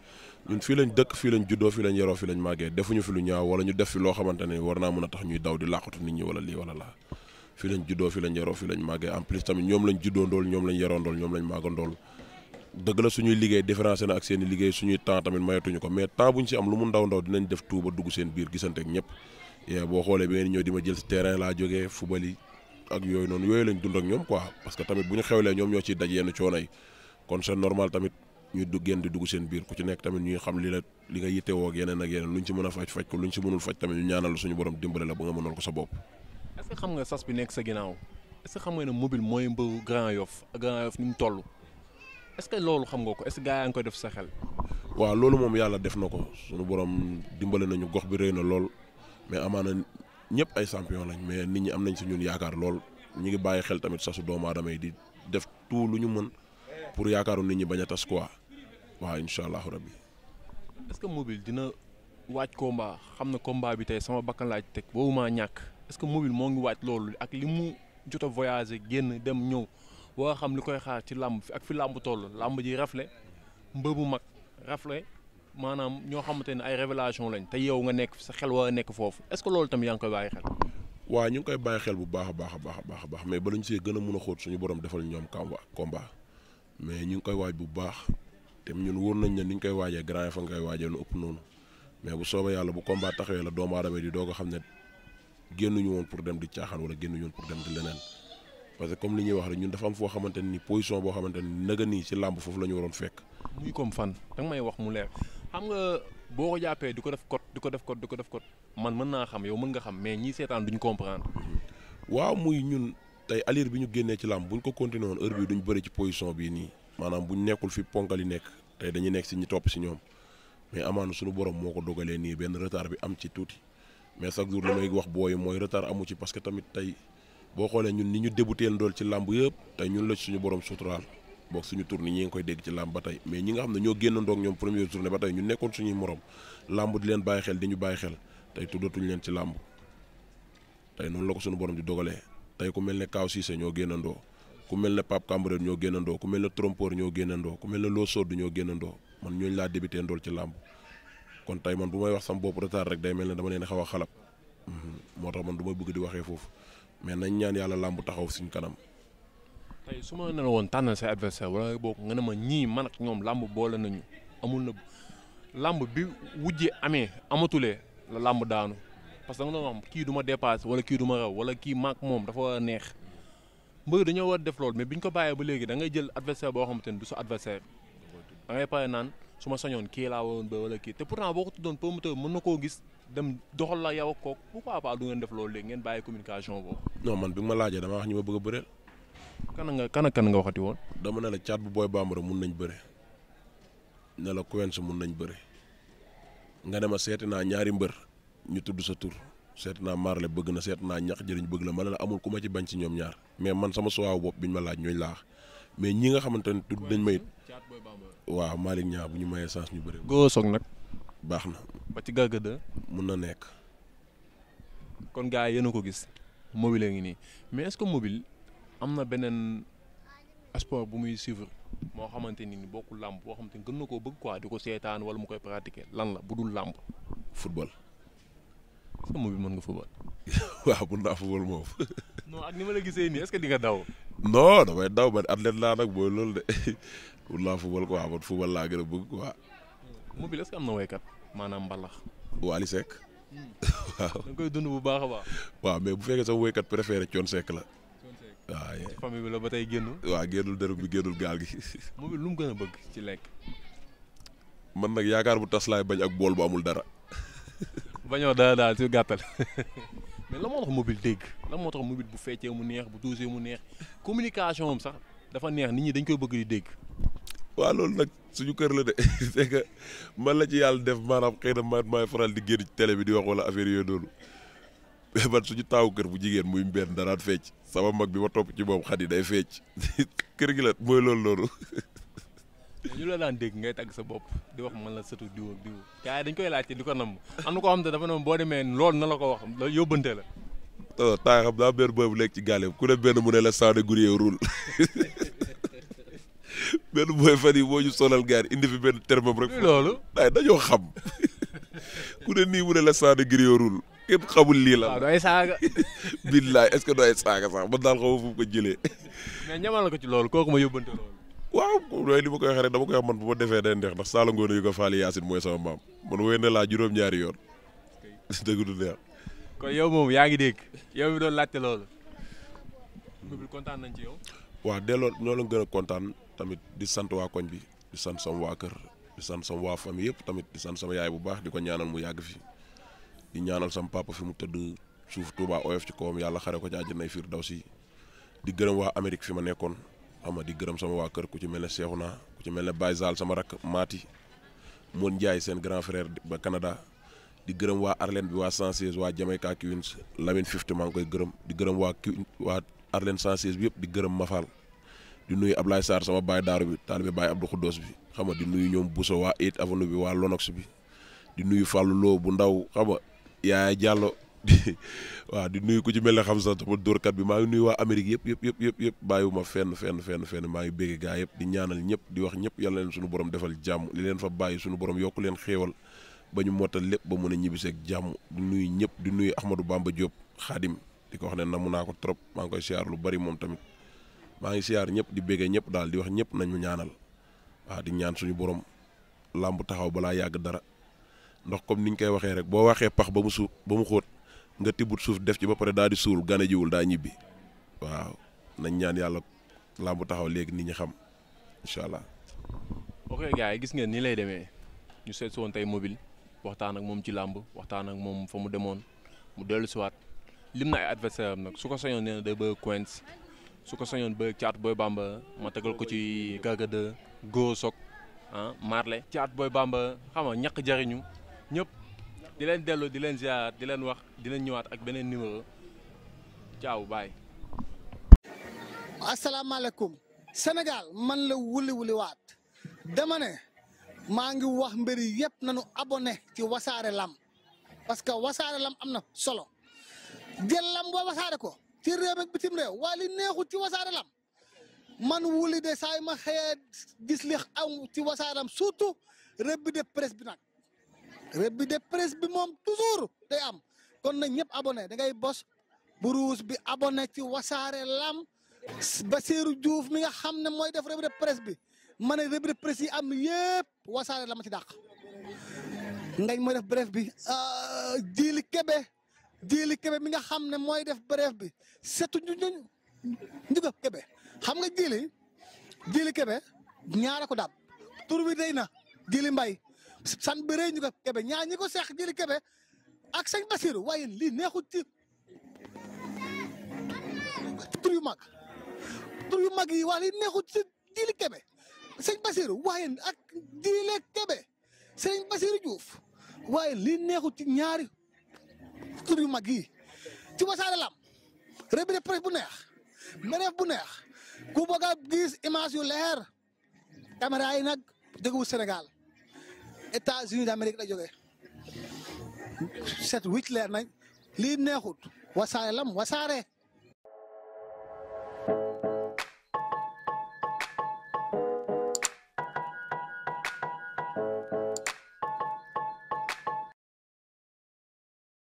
ñun fii lañ dëkk fii lañ juddoo fii lañ yaroo fii lañ màggee defuñu fi lu ñaaw wala ñu def fi loo xamante ne war naa mën a tax ñuy daw di làqatu nit ñi wala lii wala laa fii lañ juddoo fii lañ yaroo fii lañ màggee en plus tamit ñoom lañ juddoo ndool ñoom lañ yaroo ndool ñoom lañ màggoo ndool dëgg la suñuy liggéey différencé na ak seen i liggéey suñuy temps tamit mayatuñu ko mais temps buñ si am lu mu ndaw ndaw dinañ def tuuba dugg seen biir gisante ak ñëpp yee boo xoolee bi ngeen ñëw di ma jël si terrain laa jógee fubal yi ak yooyu noonu yooyu lañ dund ak ñoom quoi parce que tamit bu ñu xewlee ñoom ñoo ciy daj yenn coono yi kon c'est normal tamit ñu du génn di dugg seen biir ku ci nekk tamit ñuy xam li la li nga yittewoo ak yeneen ak yeneen luñ ci mën a faj faj ko luñ ci mënul faj tamit ñu ñaanal suñu borom dimbale la ba nga mënal ko sa ne mobile mooy mbëru Grand toll est-ce que loolu xam nga ko est gaa yaa ngi def sa xel. waaw loolu moom yàlla def na ko suñu borom dimbale nañu gox bi rey na lool mais amaana ñëpp ay champion lañ mais nit ñi am nañ si ñun yaakaar lool ñu ngi bàyyi xel tamit sasu doomu aadama yi di def tout lu ñu mën pour yaakaaru nit ñi bañ a tas quoi waa incha allahu rabbi. est-ce que mobile dina waaj komba xam na komba bi tey sama bakkan laaj teg boobu ma ñàkk est que mobile moo ngi waaj loolu ak li mu jot a génn dem ñëw boo xam li koy xaar ci làmb fi ak fi làmb toll làmb ji rafle mbër bu mag rafle maanaam ñoo xamante ne ay révélation lañ te yow nga nekk sa xel waa nekk foofu est-ce que loolu tamit yaa ngi koy bàyyi xel. waaw ñu ngi koy bàyyi xel bu baax a baax a baax a baax mais ba a mun a xóot suñu borom defal ñoom combat mais ñu ngi koy waaj bu baax te ñun wóor nañ ne ni ñu koy waajee grand fa nga koy waajee lu ëpp noonu mais bu soobee yàlla bu combat taxawee la doomu aadama di doo ko xam ne génnuñu woon pour dem di caaxaan wala génnuñu woon pour dem di leneen parce que comme li ñuy wax rek ñun dafa am foo xamante ni position boo xamante ni nëga nii ci làmb foofu la ñu waroon fekk. muy comme fan danga may wax mu leer xam nga boo ko jàppee di ko def code di ko def code di ko def code man mën naa xam yow mën nga xam mais ñi seetaan duñ comprendre. tey alir bi ñu génnee ci làmb bu ñu ko continué woon heure bi duñ bëri ci position bii nii maanaam bu nekkul fi ponkal yi nekk tey dañu nekk si ñu topp si ñoom mais amaana suñu borom moo ko dogalee nii benn retard bi am ci tuuti mais chaque jour li may wax booy mooy retard amu ci parce que tamit tey boo xoolee ñun ni ñu débuté ndool ci làmb yëpp tey ñun la suñu borom suturaal boog suñu tournée ñi ngi koy dégg ci làmb ba tey mais ñi nga xam ne ñoo génn ndoog ñoom première journée ba tey ñu nekkoon suñuy morom làmb di leen bàyyi xel di ñu bàyyi xel tey tuddatuñ leen ci làmb tey noonu la suñu borom di dogalee tey ku mel ne Kaaw Cissé ñoo génnandoo ku mel ne Pape Cambrène ñoo génnandoo ku mel ne Trompeur ñoo génnandoo ku mel ne Loo Sodd ñoo génnandoo man ñooñ laa débuté ndool ci làmb kon tey man bu may wax sama bopp retard rek day mel ne dama leen xaw a xalab mhm. moo tax man du may bëgg di waxee foofu mais nañ ñaan yàlla làmb taxaw suñ kanam. tey su ma ne la woon tànnal sa adversaire wala boog nga ne ma ñii man ak ñoom làmb boole nañu amul na làmb bi wujje amee amatulee la làmb daanu. parce que da nga doon am kii du ma dépassé wala kii du ma raw wala kii maak moom dafa war a neex mbër dañoo war def loolu mais bi ñu ko bàyyee ba léegi da ngay jël adversaire boo xamante ne du sa adversaire da ngay pare naan su ma sañoon kii laa waroon ba wala kii te pourtant boo ko tuddoon promoteur mën na koo gis dem doxal la yow ak kooku pourquoi pas du ngeen def loolu léegi ngeen bàyyi communication boobu. non man bi ma laajee dama wax ñu ma bëgg a bëreel. kan nga kan kan nga waxati woon. dama ne la caat booy bambara mun nañ bëre ne la Quench mun nañ nga dem seeti naa ñaari mbër ñu tudd sa tur seet naa maarale bëgg na seet naa ñax jëriñ bëgg la ma ne la amul ku ma ci bañ si ñoom ñaar mais man sama suwaaw bopp bi ñu ma laaj ñooy laax mais ñi nga xamante ne tudd nañ ma it waaw Malick ñaar bu ñu mayee chance ñu bëri. góor soog nag. baax na. ba ci gàgg de. mun na nekk. kon gars yi yéen a ko gis. mobile ngi nii mais est-ce que mobile am na beneen sport bu muy suivre moo xamante ni bokku làmb boo xamante ni gën na koo bëgg quoi di ko seetaan wala mu koy pratiquer lan la bu dul làmb. sama bi mën nga football. waaw mën naa football moom. non ak ni ma la gisee nii est-ce di nga daw. non damay daw man athlète laa nag booy loolu de mën naa football quoi man a bëgg quoi. mobile est am na waykat maanaam mbalax. Wally Seck. Hmm. waaw da koy dund bu baax a baax. waaw mais bu fekkee sama woykat préféré Thione Seck la. waaw yéen famille la ba tey génn. waaw génnul dërëm bi génnul gaal gi. mobile lu mu gën a bëgg ci lekk. man nag yaakaar bu tas laay bañ ak bool bu amul dara. bañoo dara daal ci gàttal mais la moo tax mobile dégg la moo tax mobile bu feccee mu neex bu tousee mu neex communication am sax dafa neex nit ñi dañ koy bëgg di dégg. waa loolu nag suñu kër la de c'est man la ci yàlla def maanaam xëy na man maay faral di génn ci bi di wax wala affaire yooyu noonu man suñu taawu kër bu jigéen muy mbenn daraat fecc sama mag bi ma topp ci moom xat yi day fecc kër gi la mooy loolu loolu. ñu la daan dégg ngay tagg sa bopp di wax man la sëtu diw ak diw dañ koy laajte di ko namm am na koo xam te dafa ne boo demee loolu na la ko wax loolu la. non oh, temps xam daa benn boobu nekk ci gàllam ku ne benn mu ne la Sadio Gureye rul benn booy fan yii moo ñu sonal gaar indi rek. loolu waaye dañoo xam ku ne nii mu ne la Sadio Gureye rul képp xamul lii la. waaw doy saaga. billaay est-ce que doy saaga sax man daal xaw ma fu mu ko ma yóbbante loolu. waaw waaye li ma koy waxee rek dama koy wax defee day neex ndax Saala Ngoone yu ko mooy sama maam man wéy na laa juróom-ñaari yoon dëgg yow moom yaa ngi dégg yow mi doon laajte loolu. nañ ci yow. waaw delloo ñoo leen gën a kontaan tamit di sant waa koñ bi di sant sama waa kër di sant sama waa famille yëpp tamit di sant sama yaay bu baax di ko ñaanal mu yàgg fi di ñaanal sama papa fi mu tëdd suuf Touba oyof ci kawam yàlla xare ko ci daw si di gërëm waa Amérique fi ma nekkoon. ama di gërëm sama waa kër ku ci mel ne Cheikhouna ku ci mel ne Baye Zal sama rakk Maati Mon Ndiaye seen grand frère ba Canada di gërëm waa Arlène bi waa 116 waa Jamaica Queens Lamine Fifty maa ngi koy gërëm di gërëm waa waa Arlène 116 bi yëpp di gërëm Mafal di nuyu Ablaye Sarr sama baay daaru bi taalibe baay Abdou Khoudoss bi xam di nuyu ñoom Bousso waa 8 avenue bi waa Lonox bi di nuyu Fallou Lo bu ndaw xam nga Yaaya waa di nuyu ko ci mel na xam sax sama dóorkat bi maa ngi nuyu waa Amérique yëpp yëpp yëpp yëpp yëpp bàyyiwuma fenn fenn fenn fenn maa ngi bégg gaa yëpp di ñaanal ñëpp di wax ñëpp yàlla leen suñu borom defal jàmm li leen fa bàyyi suñu borom yokku leen xéewal ba ñu mottal lépp ba mën a ñibbiseeg jàmm di nuyu ñëpp di nuyu Ahmadou Bamba Diop xaadim di ko wax ne namu naa ko trop maa ngi koy siyaar lu bari moom tamit maa ngi siyaar ñëpp di béggee ñëpp daal di wax ñëpp nañu ñaanal waaw di ñaan suñu borom làmb taxaw balaa yàgg dara ndax comme niñ koy waxee rek boo waxee pax ba mu su ba mu xóot nga tibbut suuf def ci ba pare daal di suul gane jiwul daa ñibbi waaw nañ ñaan yàlla làmb taxaw léegi nit ñi xam incha allah. ok gars gis ngeen ni lay demee ñu seet soon tey mobile waxtaan ak moom ci làmb waxtaan ak moom fa mu demoon mu dellu si waat lim na ay adversaire am nag su ko sañoon nee na day bëgg Quench su ko sañoon bëgg Thiatou Boy bàmba ma tegal ko ci Garga 2 Goro Sock ah Marley Thiatou Boy Bamba xam nga ñàkk ñëpp. di leen dellu di leen ziar di leen wax di leen ñëwaat ak beneen numéro ciao bye. asalaamaaleykum Sénégal man la wuli wuli waat dama ne maa ngi wax mbir yëpp nañu abonné ci wasaare lam parce que wasaare lam am na solo jël lam boo wasaare ko ci réew ak bitim réew waaye li neexul ci wasaare lam man wuli de saa ma xëyee gis li am ci wasaare lam surtout revue de presse bi nag. revue de presse bi moom toujours day am kon nag ñëpp abonné da ngay bos buruus bi abonné ci wasaare lam Bassirou Diouf mi nga xam ne mooy def revue de presse bi ma ne revue de presse yi am yëpp wasaare la ma ci dàq ngañ mooy def bref bi jiili kebe jiili kebe mi nga xam ne mooy def bref bi setu ñu ñu njuga kebe xam nga jiili jiili kebe ñaara ko daal tur wi day na jiili mbay san bëree ñu ko kebe ñaa ñi ko seex jëli kebe ak sëñ Basiru waaye lii neexut ci tur yu mag tur yu mag yi waa lii neexut ci jëli kebe sëñ Basiru waaye ak jëli kebe sëñ Basiru waaye lii neexut ci ñaari tur yu mag yi ci Wassare Lamb revue de presse bu neex mereef bu neex ku bëgg a gis image yu leer caméra yi nag déggu Sénégal États-Unis d'Amérique la jógee set wicc leer nañ lii neexut wasaare lam wasare